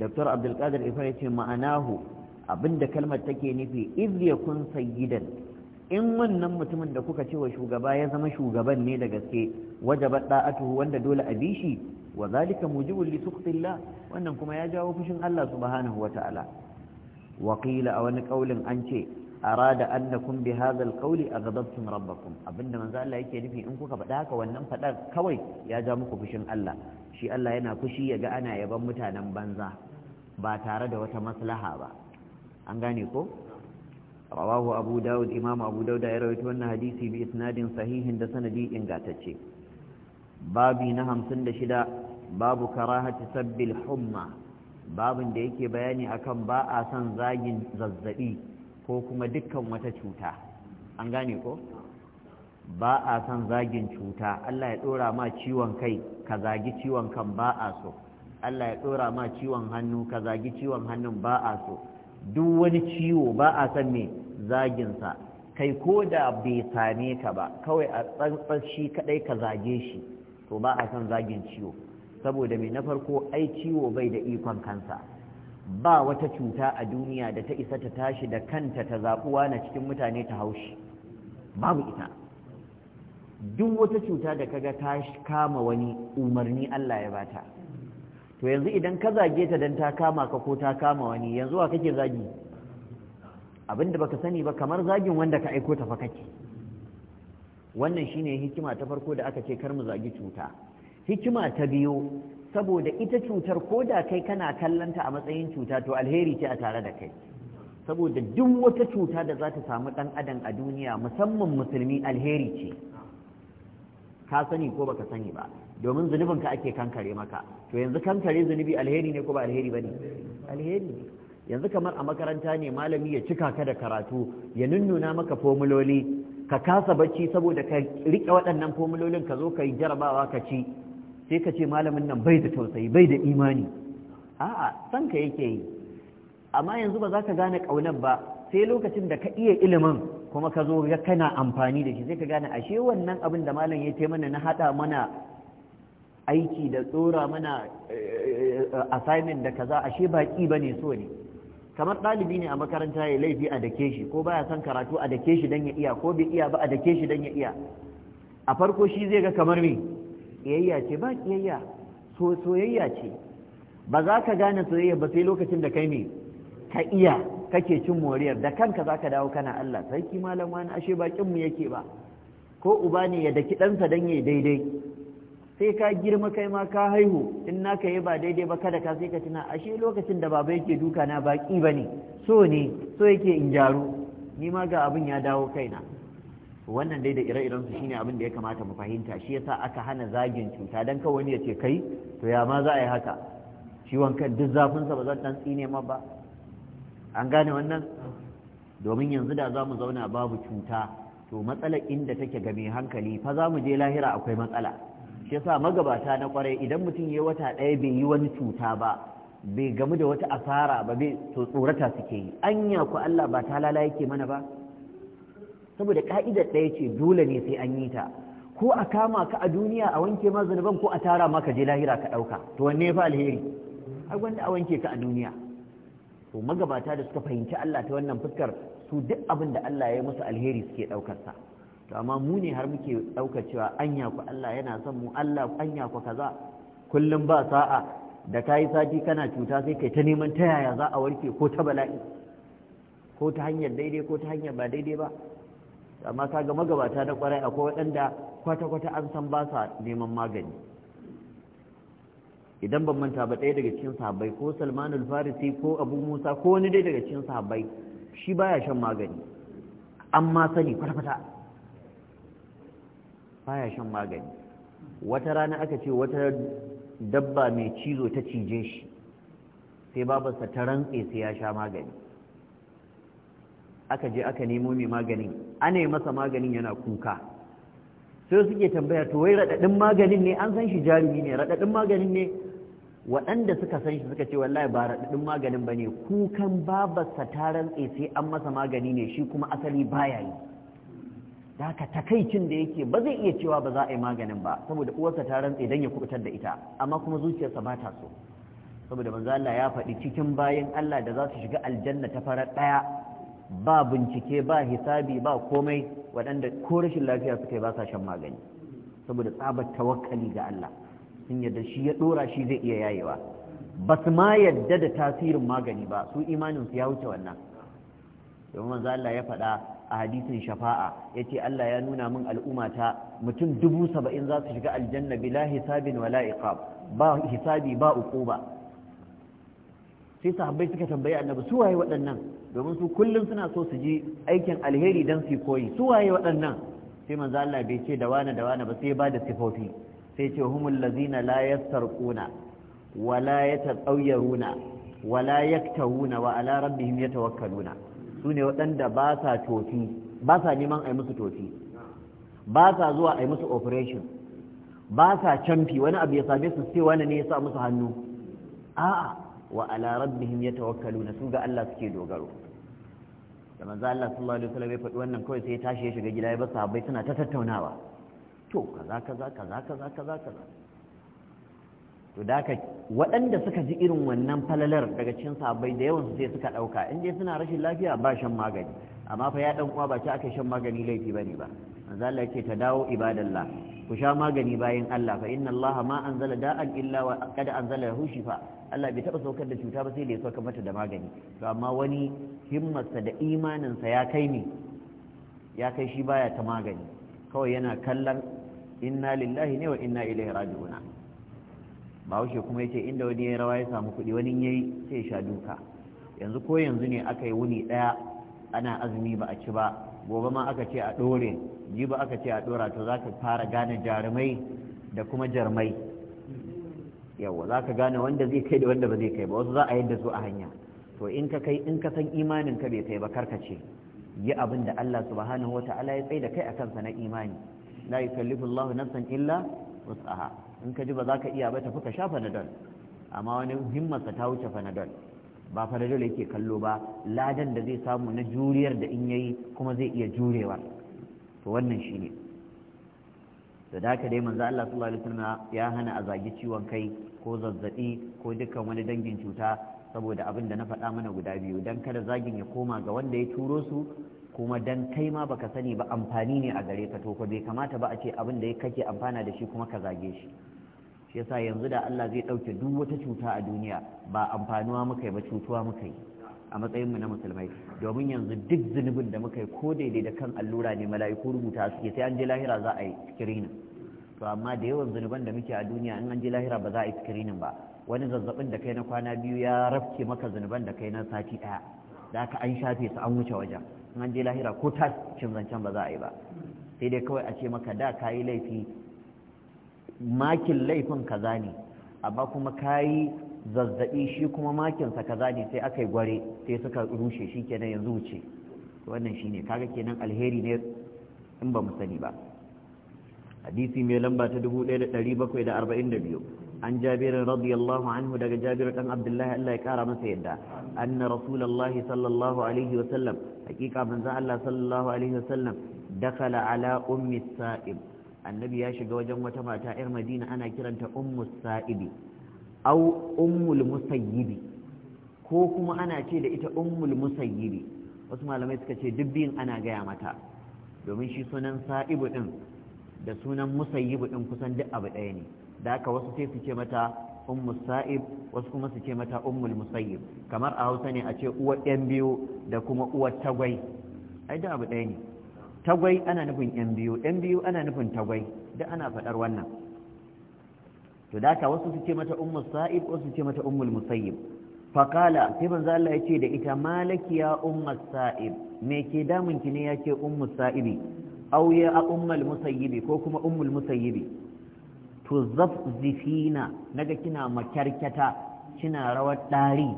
dr abdulkadir ifa ya ce ma'anahu abinda kalmar take nufi izya kun sayyidan in wannan mutumin da kuka ce wa shugaba ya zama shugaban ne da gaske wajabat da'atuhu wanda dole a bi shi wa zalika mujibul li suqtillah wannan kuma ya jawo fushin Allah subhanahu wata'ala wa qila a wani kaulin an ce arada annakum bi hadha qawli aghdabtum rabbakum abinda manzo Allah yake nufi in kuka faɗa haka wannan faɗar kawai ya ja muku fushin Allah shi Allah yana fushi yaga ana yaban mutanen banza ba tare da wata maslaha ba an gane ko rawahu abu daud imamu abu daud ya rawaito wannan hadisi bi isnadin sahihin da sanadi ingantacce babi na shida babu karahati sabbil humma babun da yake bayani akan ba a son zagin zazzabi ko kuma dukkan wata cuta an gane ko ba a son zagin cuta Allah ya ɗora ma ciwon kai ka zagi ciwon kan ba a so Allah ya dora ma ciwon hannu ka zagi ciwon hannun ba a so duk wani ciwo ba a son me zaginsa kai ko da bai same ka ba kawai a tsantsar shi kadai ka zage shi to ba a son zagin ciwo saboda mai na farko ai ciwo bai da ikon kansa ba wata cuta a duniya da ta isa ta tashi da kanta ta zaɓuwa na cikin mutane ta haushi babu ita duk wata cuta da kaga ta kama wani umarni Allah ya bata to yanzu idan ka zage ta dan ta kama ka ko ta kama wani yanzu wa kake zagi abinda baka sani ba kamar zagin wanda ka aiko ta fa kake wannan shine hikima ta farko da aka ce kar mu zagi cuta hikima ta biyo saboda ita cutar ko da kai kana kallanta a matsayin cuta to alheri ce a tare da kai saboda duk wata cuta da za ta samu ɗan adam a duniya musamman musulmi alheri ce ka sani ko baka sani ba domin zunubin ka ake kankare maka to yanzu kankare zunubi alheri ne ko ba alheri bane alheri ne yanzu kamar a makaranta ne malami ya cika ka da karatu ya nunnuna maka formuloli ka kasa bacci saboda ka rike waɗannan formulolin ka zo ka yi jarabawa ka ci sai ka ce malamin nan bai da tausayi bai da imani a'a san ka yake yi amma yanzu ba za ka gane ƙaunar ba sai lokacin da ka iya ilimin kuma ka zo kana amfani da shi sai ka gane ashe wannan abin da malam ya mana na haɗa mana aiki da tsora mana eh, eh, assignment da kaza ashe baƙi ba ne so ne kamar ɗalibi ne a makaranta ya laifi a dake shi ko baya son karatu a dake shi don ya iya ko bai iya ba a dake shi don ya iya a farko shi zai ga kamar me ƙiyayya ce ba ƙiyayya so soyayya ce ba za ka gane soyayya ba sai lokacin da kai ne ka iya kake cin moriyar da kanka za ka dawo kana Allah sarki malam wani ashe bakinmu yake ba ko uba ne ya daki ɗansa dan ya daidai sai ka girma kai ma ka haihu in naka yi ba daidai ba kada ka sai ka tuna ashe lokacin da baba yake duka na baki ba ne so ne so yake in gyaru ni ma ga abin ya dawo kaina wannan dai da ire-iren su shine abin da ya kamata mu fahimta shi yasa aka hana zagin cuta dan kawai wani ya ce kai to ya ma za a yi haka ciwon kan duk zafin sa ba zan dan tsine ma ba an gane wannan domin yanzu da zamu zauna babu cuta to matsalar inda take ga mai hankali fa za mu je lahira akwai matsala shi yasa magabata na kwarai idan mutum ya wata ɗaya bai yi wani cuta ba bai gamu da wata asara ba bai to tsorata suke yi anya ku Allah ba ta lala yake mana ba saboda ka'idar ɗaya ce dole ne sai an yi ta ko a kama ka a duniya a wanke ma zunuban ko a tara maka je lahira ka ɗauka to wanne fa alheri ai wanda a wanke ka a duniya to magabata da suka fahimci Allah ta wannan fuskar su duk abin da Allah ya yi musu alheri suke ɗaukar sa to amma mu ne har muke ɗaukar cewa anya ku Allah yana son mu Allah anya ku kaza kullum ba sa'a da kayi sati kana cuta sai kai ta neman ta yaya za a warke ko ta bala'i ko ta hanyar daidai ko ta hanyar ba daidai ba amma kaga magabata na kwarai akwai waɗanda kwata-kwata an san ba sa neman magani idan ban manta ba ɗaya daga cikin sahabbai ko salman al-farisi ko abu musa ko wani dai daga cikin sahabbai shi baya shan magani amma sani kwata-kwata baya shan magani wata rana aka ce wata dabba mai cizo ta cije shi sai babarsa ta rantse sai ya sha magani aka je aka nemo mai magani. ana yi masa maganin yana kuka sai suke tambaya to wai raɗaɗin maganin ne an san shi jarumi ne raɗaɗin maganin ne waɗanda suka san shi suka ce wallahi ba raɗaɗin maganin ba ne kukan babarsa ta rantse sai an masa magani ne shi kuma asali baya yi da haka takaicin da yake ba zai iya cewa ba za a yi maganin ba saboda uwarsa ta rantse don ya kubutar da ita amma kuma zuciyarsa ba ta so saboda manzo Allah ya faɗi cikin bayan Allah da za su shiga aljanna ta farar ɗaya ba bincike ba hisabi ba komai waɗanda ko rashin lafiya suka yi ba sa shan magani saboda tsabar tawakkali ga Allah sun yadda shi ya dora shi zai iya yayewa ba su ma yadda da tasirin magani ba su imanin su ya wuce wannan domin manzo Allah ya faɗa a hadisin shafa'a ya ce Allah ya nuna min al'ummata mutum dubu saba'in za su shiga aljanna bila hisabin wala iqab ba hisabi ba uquba sai sahabbai suka tambayi annabi su waye waɗannan domin su kullum suna so su ji aikin alheri don su koyi su waye waɗannan sai manzo Allah bai ce da wani da wani ba sai ba da sifofi sai ce humul lazina la yastarquna wa la yataqayyaruna wa la yaktahuna wa ala rabbihim yatawakkaluna su ne waɗanda ba sa tofi ba sa neman a yi musu tofi ba sa zuwa a yi musu operation ba sa canfi wani abu ya same su sai wani ne ya sa musu hannu a'a wa ala rabbihim yatawakkaluna su ga Allah suke dogaro da manzo Allah sallallahu alaihi wasallam ya faɗi wannan kawai sai ya tashi ya shiga gida ya bar sahabbai suna ta tattaunawa to kaza kaza kaza kaza kaza kaza to da ka waɗanda suka ji irin wannan falalar daga cikin sahabbai da yawan su sai suka ɗauka in dai suna rashin lafiya ba shan magani amma fa ya ɗan uwa ba ci aka shan magani laifi bane ba manzo Allah yake ta dawo ibadallah ku sha magani bayan Allah fa inna Allah ma anzala da'an illa wa qad anzala lahu shifa Allah bai taba saukar da cuta ba sai da ya saukar mata da magani to amma wani himmarsa da imaninsa ya kai ni ya kai shi baya ta magani kawai yana kallon inna lillahi ne wa inna ilaihi raji'una bahaushe kuma yace inda wani ya rawa ya samu kuɗi wani yayi sai ya sha duka yanzu ko yanzu ne aka yi wuni ɗaya ana azumi ba a ci ba gobe ma aka ce a ɗore jiba aka ce a ɗora to za ka fara gane jarumai da kuma jarumai yawa za ka gane wanda zai kai da wanda ba zai kai ba wasu za a yadda su a hanya to in ka kai in ka san imanin ka bai kai ba ce yi abin da Allah subhanahu wa ta'ala ya tsaye da kai a kansa na imani la yukallifu Allahu nafsan illa wus'aha in ka ji ba za ka iya ba tafi ka sha fanadol amma wani himmarsa ta wuce fanadol ba faradar yake kallo ba ladan da zai samu na juriyar da in yayi kuma zai iya jurewa to wannan shine da haka dai manzo Allah sallallahu alaihi wasallam ya hana a zagi ciwon kai ko zazzabi ko dukkan wani dangin cuta saboda abin da na faɗa mana guda biyu dan kada zagin ya koma ga wanda ya turo su kuma dan kai ma baka sani ba amfani ne a gare ka to ko bai kamata ba a ce abin da kake amfana da shi kuma ka zage shi shi yasa yanzu da Allah zai ɗauke duk wata cuta a duniya ba amfanuwa muka yi ba cutuwa muka yi a matsayinmu na musulmai domin yanzu duk zunubin da muka yi ko daidai da kan allura ne mala'iku rubuta suke sai an je lahira za a yi skirinin to amma da yawan zunuban da muke a duniya in an je lahira ba za a yi skirinin ba wani zazzabin da kai na kwana biyu ya rafke maka zunuban da kai na sati ɗaya da aka an shafe su an wuce wajen in an je lahira ko cin zancen ba za a yi ba sai dai kawai a ce maka da ka yi laifi makin laifin kaza ne amma kuma kayi zazzabi shi kuma makinsa kaza ne sai aka yi gware sai suka rushe shi kenan yanzu wuce wannan shi ne kaga kenan alheri ne in ba mu sani ba hadisi mai lamba ta 1742 an jabirin radiyallahu anhu daga jabirin dan abdullahi Allah ya kara masa yadda anna rasulullahi sallallahu alaihi wa sallam hakika manzo Allah sallallahu alaihi wa sallam dakala ala ummi sa'ib annabi ya shiga wajen wata mata 'yar madina ana kiranta umar sa'ibi au ummul musayyibi ko kuma ana ce da ita ummul musayyibi wasu malamai suka ce dubbin ana gaya mata domin shi sunan sa'ibu din da sunan musayyibu din kusan duk abu ɗaya ne da aka wasu sai su ce mata ummus sa'ib wasu kuma su ce mata ummul musayyib kamar a hausa ne a ce uwar ɗan biyu da kuma uwar tagwai ai da abu ɗaya ne tagwai ana nufin yan biyu yan biyu ana nufin tagwai da ana faɗar wannan to da wasu su ce mata ummu sa'ib wasu su ce mata ummul musayyib faqala sai manzo Allah ya da ita malaki ya ummu sa'ib me ke damun ki ne yace ummu sa'ibi aw ya ummul musayyibi ko kuma ummul musayyibi to zifina naga kina makarkata kina rawar dari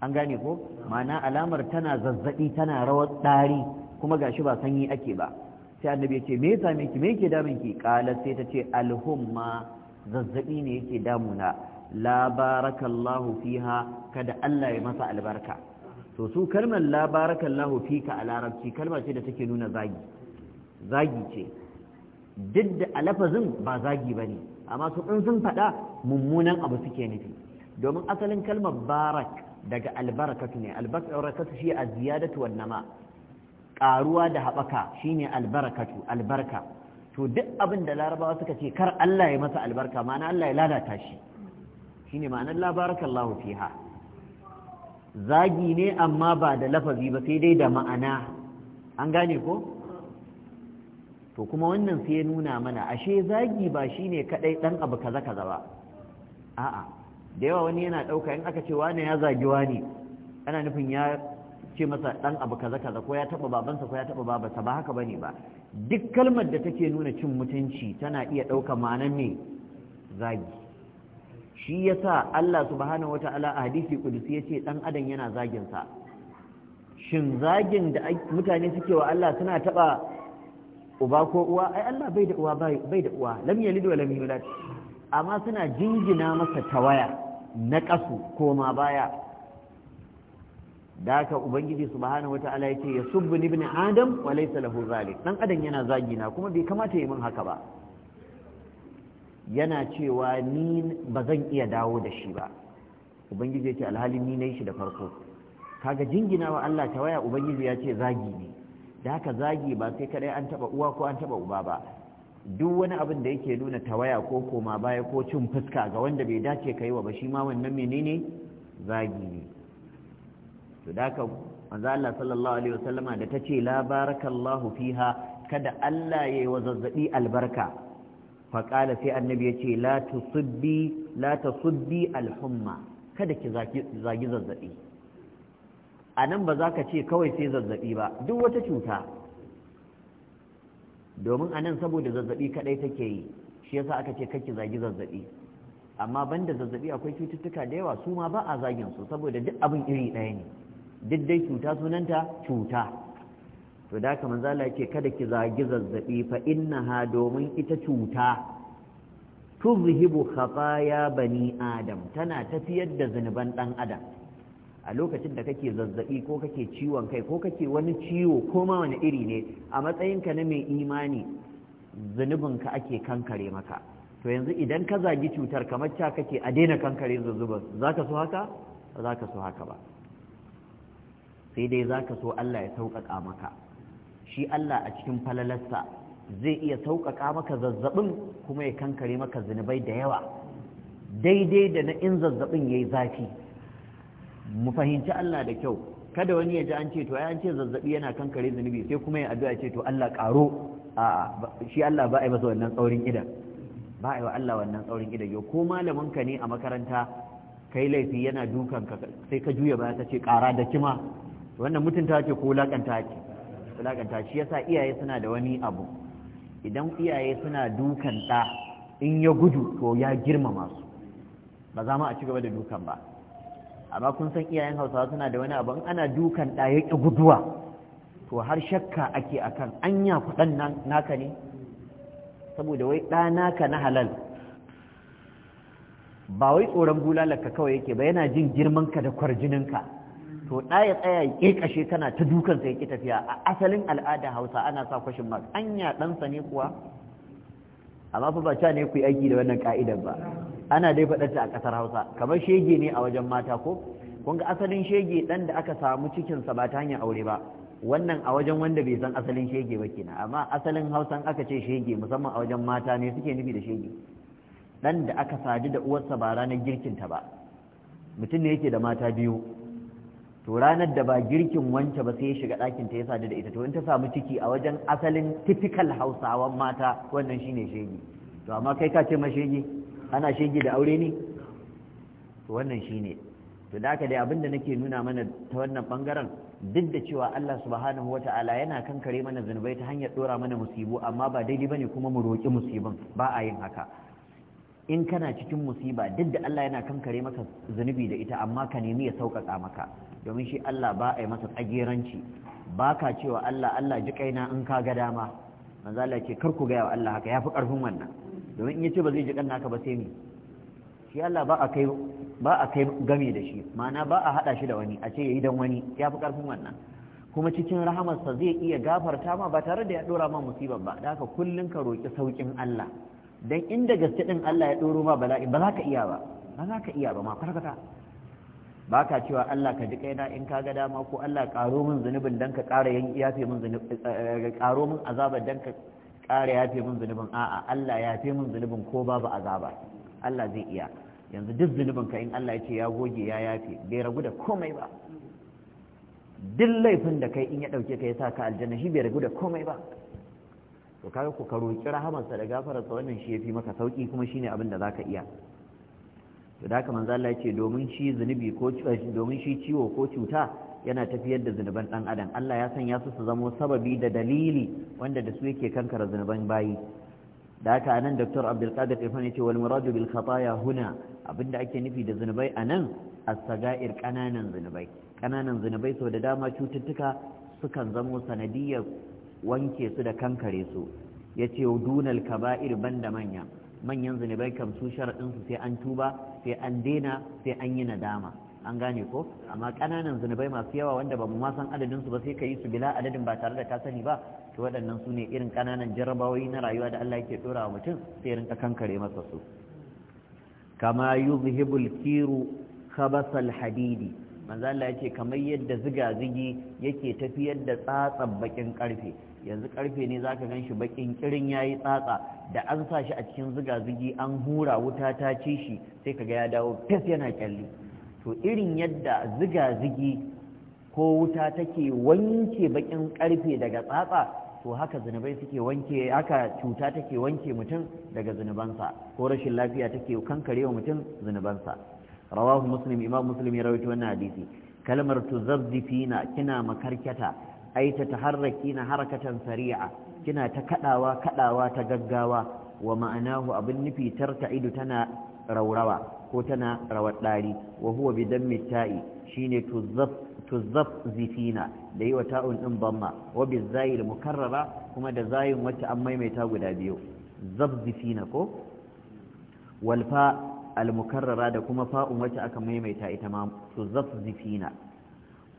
an gane ko ma'ana alamar tana zazzabi tana rawar dari kuma ga shi ba sanyi ake ba sai annabi ya ce me ya same ki me yake damun ki qalat sai ta ce alhumma zazzabi ne yake damuna la barakallahu fiha kada Allah ya masa albarka to su kalmar la barakallahu fika a larabci kalma ce da take nuna zagi zagi ce duk da alafazin ba zagi ba ne amma su in sun faɗa mummunan abu suke nufi domin asalin kalmar barak daga albarakatu ne albarakatu shi a ziyadatu wan nama ƙaruwa da haɓaka shine albarakatu albarka to duk abin da larabawa suka ce kar Allah ya masa albarka ma'ana Allah ya lalata shi shine ma'anar labarakan labarakallahu ha. zagi ne amma ba da lafazi ba sai dai da ma'ana an gane ko to kuma wannan sai ya nuna mana ashe zagi ba shine kadai dan abu kaza kaza ba a'a da yawa wani yana ɗauka in aka ce wani ya zagi wani ana nufin ya ce masa dan abu kaza kaza ko ya taba babansa ko ya taba babansa ba haka bane ba duk kalmar da take nuna cin mutunci tana iya ɗauka ma'anar ne zagi shi yasa Allah subhanahu wata'ala a hadisi kudusi yace dan adam yana zagin sa shin zagin da mutane suke wa Allah suna taba uba ko uwa ai Allah bai da uwa bai da uwa lam yalid wa lam yulad amma suna jingina masa tawaya na kasu koma baya da haka ubangiji subhanahu wata'ala yace yasubbu ibn adam wa laysa lahu zalik dan adam yana zagi na kuma bai kamata yi min haka ba yana cewa ni ba zan iya dawo da shi ba ubangiji yake alhali ni nayi shi da farko kaga jingina wa Allah ta waya ubangiji ya ce zagi ne da haka zagi ba sai kadai an taba uwa ko an taba uba ba duk wani abin da yake nuna tawaya ko koma baya ko cin fuska ga wanda bai dace ka yi wa ba shi ma wannan menene zagi ne to da haka manzo Allah sallallahu alaihi wasallama da tace la barakallahu fiha kada Allah yayi wa zazzabi albarka fa sai annabi ce, la tusibbi la alhumma kada ki zagi zazzabi a nan ba za ka ce kawai sai zazzabi ba duk wata cuta domin a nan saboda zazzabi kaɗai take yi shi yasa aka ce kake zagi zazzabi amma banda zazzaɓi, akwai cututtuka da yawa su ma ba a zagin su saboda duk abin iri ɗaya ne duk cuta sunanta cuta to da haka ce yake kada ki zagi zazzabi fa ha domin ita cuta tuzhibu khataya bani adam tana tafiyar da zanuban dan adam a lokacin da kake zazzabi ko kake ciwon kai ko kake wani ciwo ko ma wani iri ne a matsayinka na mai imani ka ake kankare maka to yanzu idan ka zagi cutar kamar ca kake a daina kankare zuzzuban zaka so haka za ka so haka ba sai dai za ka so Allah ya sauƙaƙa maka shi Allah a cikin falalarsa zai iya sauƙaƙa maka zazzaɓin kuma ya kankare maka zunubai da yawa daidai da na in zazzaɓin ya yi zafi mu fahimci Allah da kyau kada wani ya ji an ce to ai an ce zazzaɓi yana kankare zunubi sai kuma ya addu'a ce to Allah ƙaro a shi Allah ba a yi masa wannan tsaurin idan ba a yi wa Allah wannan tsaurin idan yau ko malamin ka ne a makaranta kai laifi yana dukan ka sai ka juya baya ka ce ƙara da kima wannan mutunta ce ko wulakanta ce laƙanta shi yasa iyaye suna da wani abu idan iyaye suna dukan ɗa in ya gudu to ya girmama su ba za mu a ci gaba da dukan ba amma kun san iyayen hausawa suna da wani abu in ana dukan ɗa ya ƙi guduwa to har shakka ake akan anya kuɗan naka ne saboda wai ɗa naka na halal ba wai tsoron bulalarka kawai yake ba yana jin girmanka da kwarjininka to ɗa ya tsaya ya ƙeƙashe kana ta dukan sai ke tafiya a asalin al'ada hausa ana sa kwashin mark anya ɗansa ne kuwa amma fa ba ca ne ku yi aiki da wannan ka'idar ba ana dai faɗar ta a ƙasar hausa kamar shege ne a wajen mata ko kun ga asalin shege ɗan da aka samu cikinsa ba ta hanyar aure ba wannan a wajen wanda bai san asalin shege ba kenan amma asalin hausan aka ce shege musamman a wajen mata ne suke nufi da shege ɗan da aka sadu da uwarsa ba ranar girkinta ba mutum ne yake da mata biyu to ranar da ba girkin wance ba sai ya shiga ɗakin ta ya sadu da ita to in ta samu ciki a wajen asalin typical hausawan mata wannan shine shege to amma kai ka ce mashege ana shege da aure ne to wannan shine to da haka dai abinda nake nuna mana ta wannan bangaren duk da cewa Allah subhanahu wata'ala yana kankare mana zunubai ta hanyar dora mana musibu amma ba daidai bane kuma mu roki musibin ba a yin haka in kana cikin musiba duk da Allah yana kankare maka zunubi da ita amma ka nemi ya sauƙaƙa maka domin shi Allah ba a yi masa tsageranci ba ka cewa Allah Allah ji kaina in ka ga dama manzo Allah ce kar ku ga wa Allah haka yafi karfin wannan domin in yace ba zai ji kan naka ba sai ni shi Allah ba a kai ba a kai game da shi ma'ana ba a hada shi da wani a ce yayi dan wani yafi karfin wannan kuma cikin rahamarsa zai iya gafarta ma ba tare da ya dora ma musibar ba da haka kullun ka roki saukin Allah dan inda gaske din Allah ya doro ma bala'i ba za ka iya ba ba za ka iya ba ma farkata ba ka cewa Allah ka ji kaina in ka ga dama ko Allah karo min zunubin dan ka kara yan yafe min zunubin karo eh, eh, min azaba dan ka kara yafe min zunubin a'a Allah yafe min zunubin ko babu azaba Allah zai iya yanzu duk zunubin ka in Allah ya ce ya goge ya yafe bai ragu da komai ba duk laifin da kai in ya dauke ka ya sa ka aljanna shi bai ragu da komai ba to kaga ku ka roki rahamarsa da gafararsa wannan shi fi maka sauki kuma shine abin da za ka iya to da haka manzo Allah ya ce domin shi zunubi ko eh, domin shi ciwo ko cuta yana tafiyar da zunuban dan adam Allah ya sanya su su zama sababi da dalili wanda da su yake kankara zunuban bayi da haka anan Dr. Abdulkadir Irfan ya ce wal muradu bil khataya huna abinda ake nufi da zunubai anan as-sagair kananan zunubai kananan zunubai so da dama cututtuka sukan zamo sanadiyar wanke su da kankare su ya ce dunal kaba'ir banda manya manyan zunubai kam su su sai an tuba sai an daina sai an yi nadama an gane ko amma ƙananan zunubai masu yawa wanda ba mu ma san adadin su ba sai ka yi su bila adadin ba tare da ka sani ba to waɗannan su ne irin ƙananan jarrabawoyi na rayuwa da Allah yake ɗora wa mutum sai rinka kankare masa su kama yuzhibul kiru khabasal hadidi manzo ya ce kamar yadda zigazigi yake tafiyar da tsatsan bakin karfe yanzu karfe ne zaka gan shi bakin kirin yayi tsatsa da an sa shi a cikin zigazigi an hura wuta ta ci shi sai kaga ya dawo fes yana kyalli to irin yadda zigazigi ko wuta take wanke bakin karfe daga tsatsa to haka zunubai suke wanke haka cuta take wanke mutum daga zunubansa ko rashin lafiya take kankarewa mutum zunubansa rawahu muslim imam muslim rawaito wannan hadisi kalmar tuzabbifina kina makarkata ai ta taharrakina harakatan sari'a kina ta kadawa kadawa ta gaggawa wa ma'anahu abin nufi tarta'idu tana raurawa ko tana rawaddari wa huwa bi dammi ta'i shine tuzabb zifina da yi wa ta'un ɗin bamma wa bi zayil mukarrara kuma da zayin wacce an maimaita guda biyu zaf zifina ko walfa al-mukarrara da kuma fa'un wacce aka maimaita ita ma su zafzifina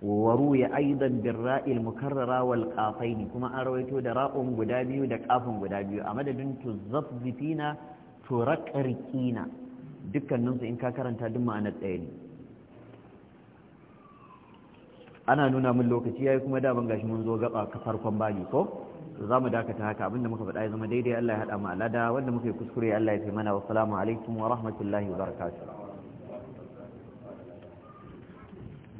wa ruya aidan bir al mukarrara wal qafaini kuma an rawaito da ra'un guda biyu da qafun guda biyu a madadin tu zafzifina to dukkanin su in ka karanta duk ma'anar ɗaya ne ana nuna min lokaci yayi kuma da ban gashi mun zo gaba ka farkon bani ko za mu dakata haka abinda muka faɗa ya zama daidai Allah ya haɗa mu alada wanda muka yi kuskure Allah ya fi mana wa salamu alaikum wa rahmatullahi wa barakatuh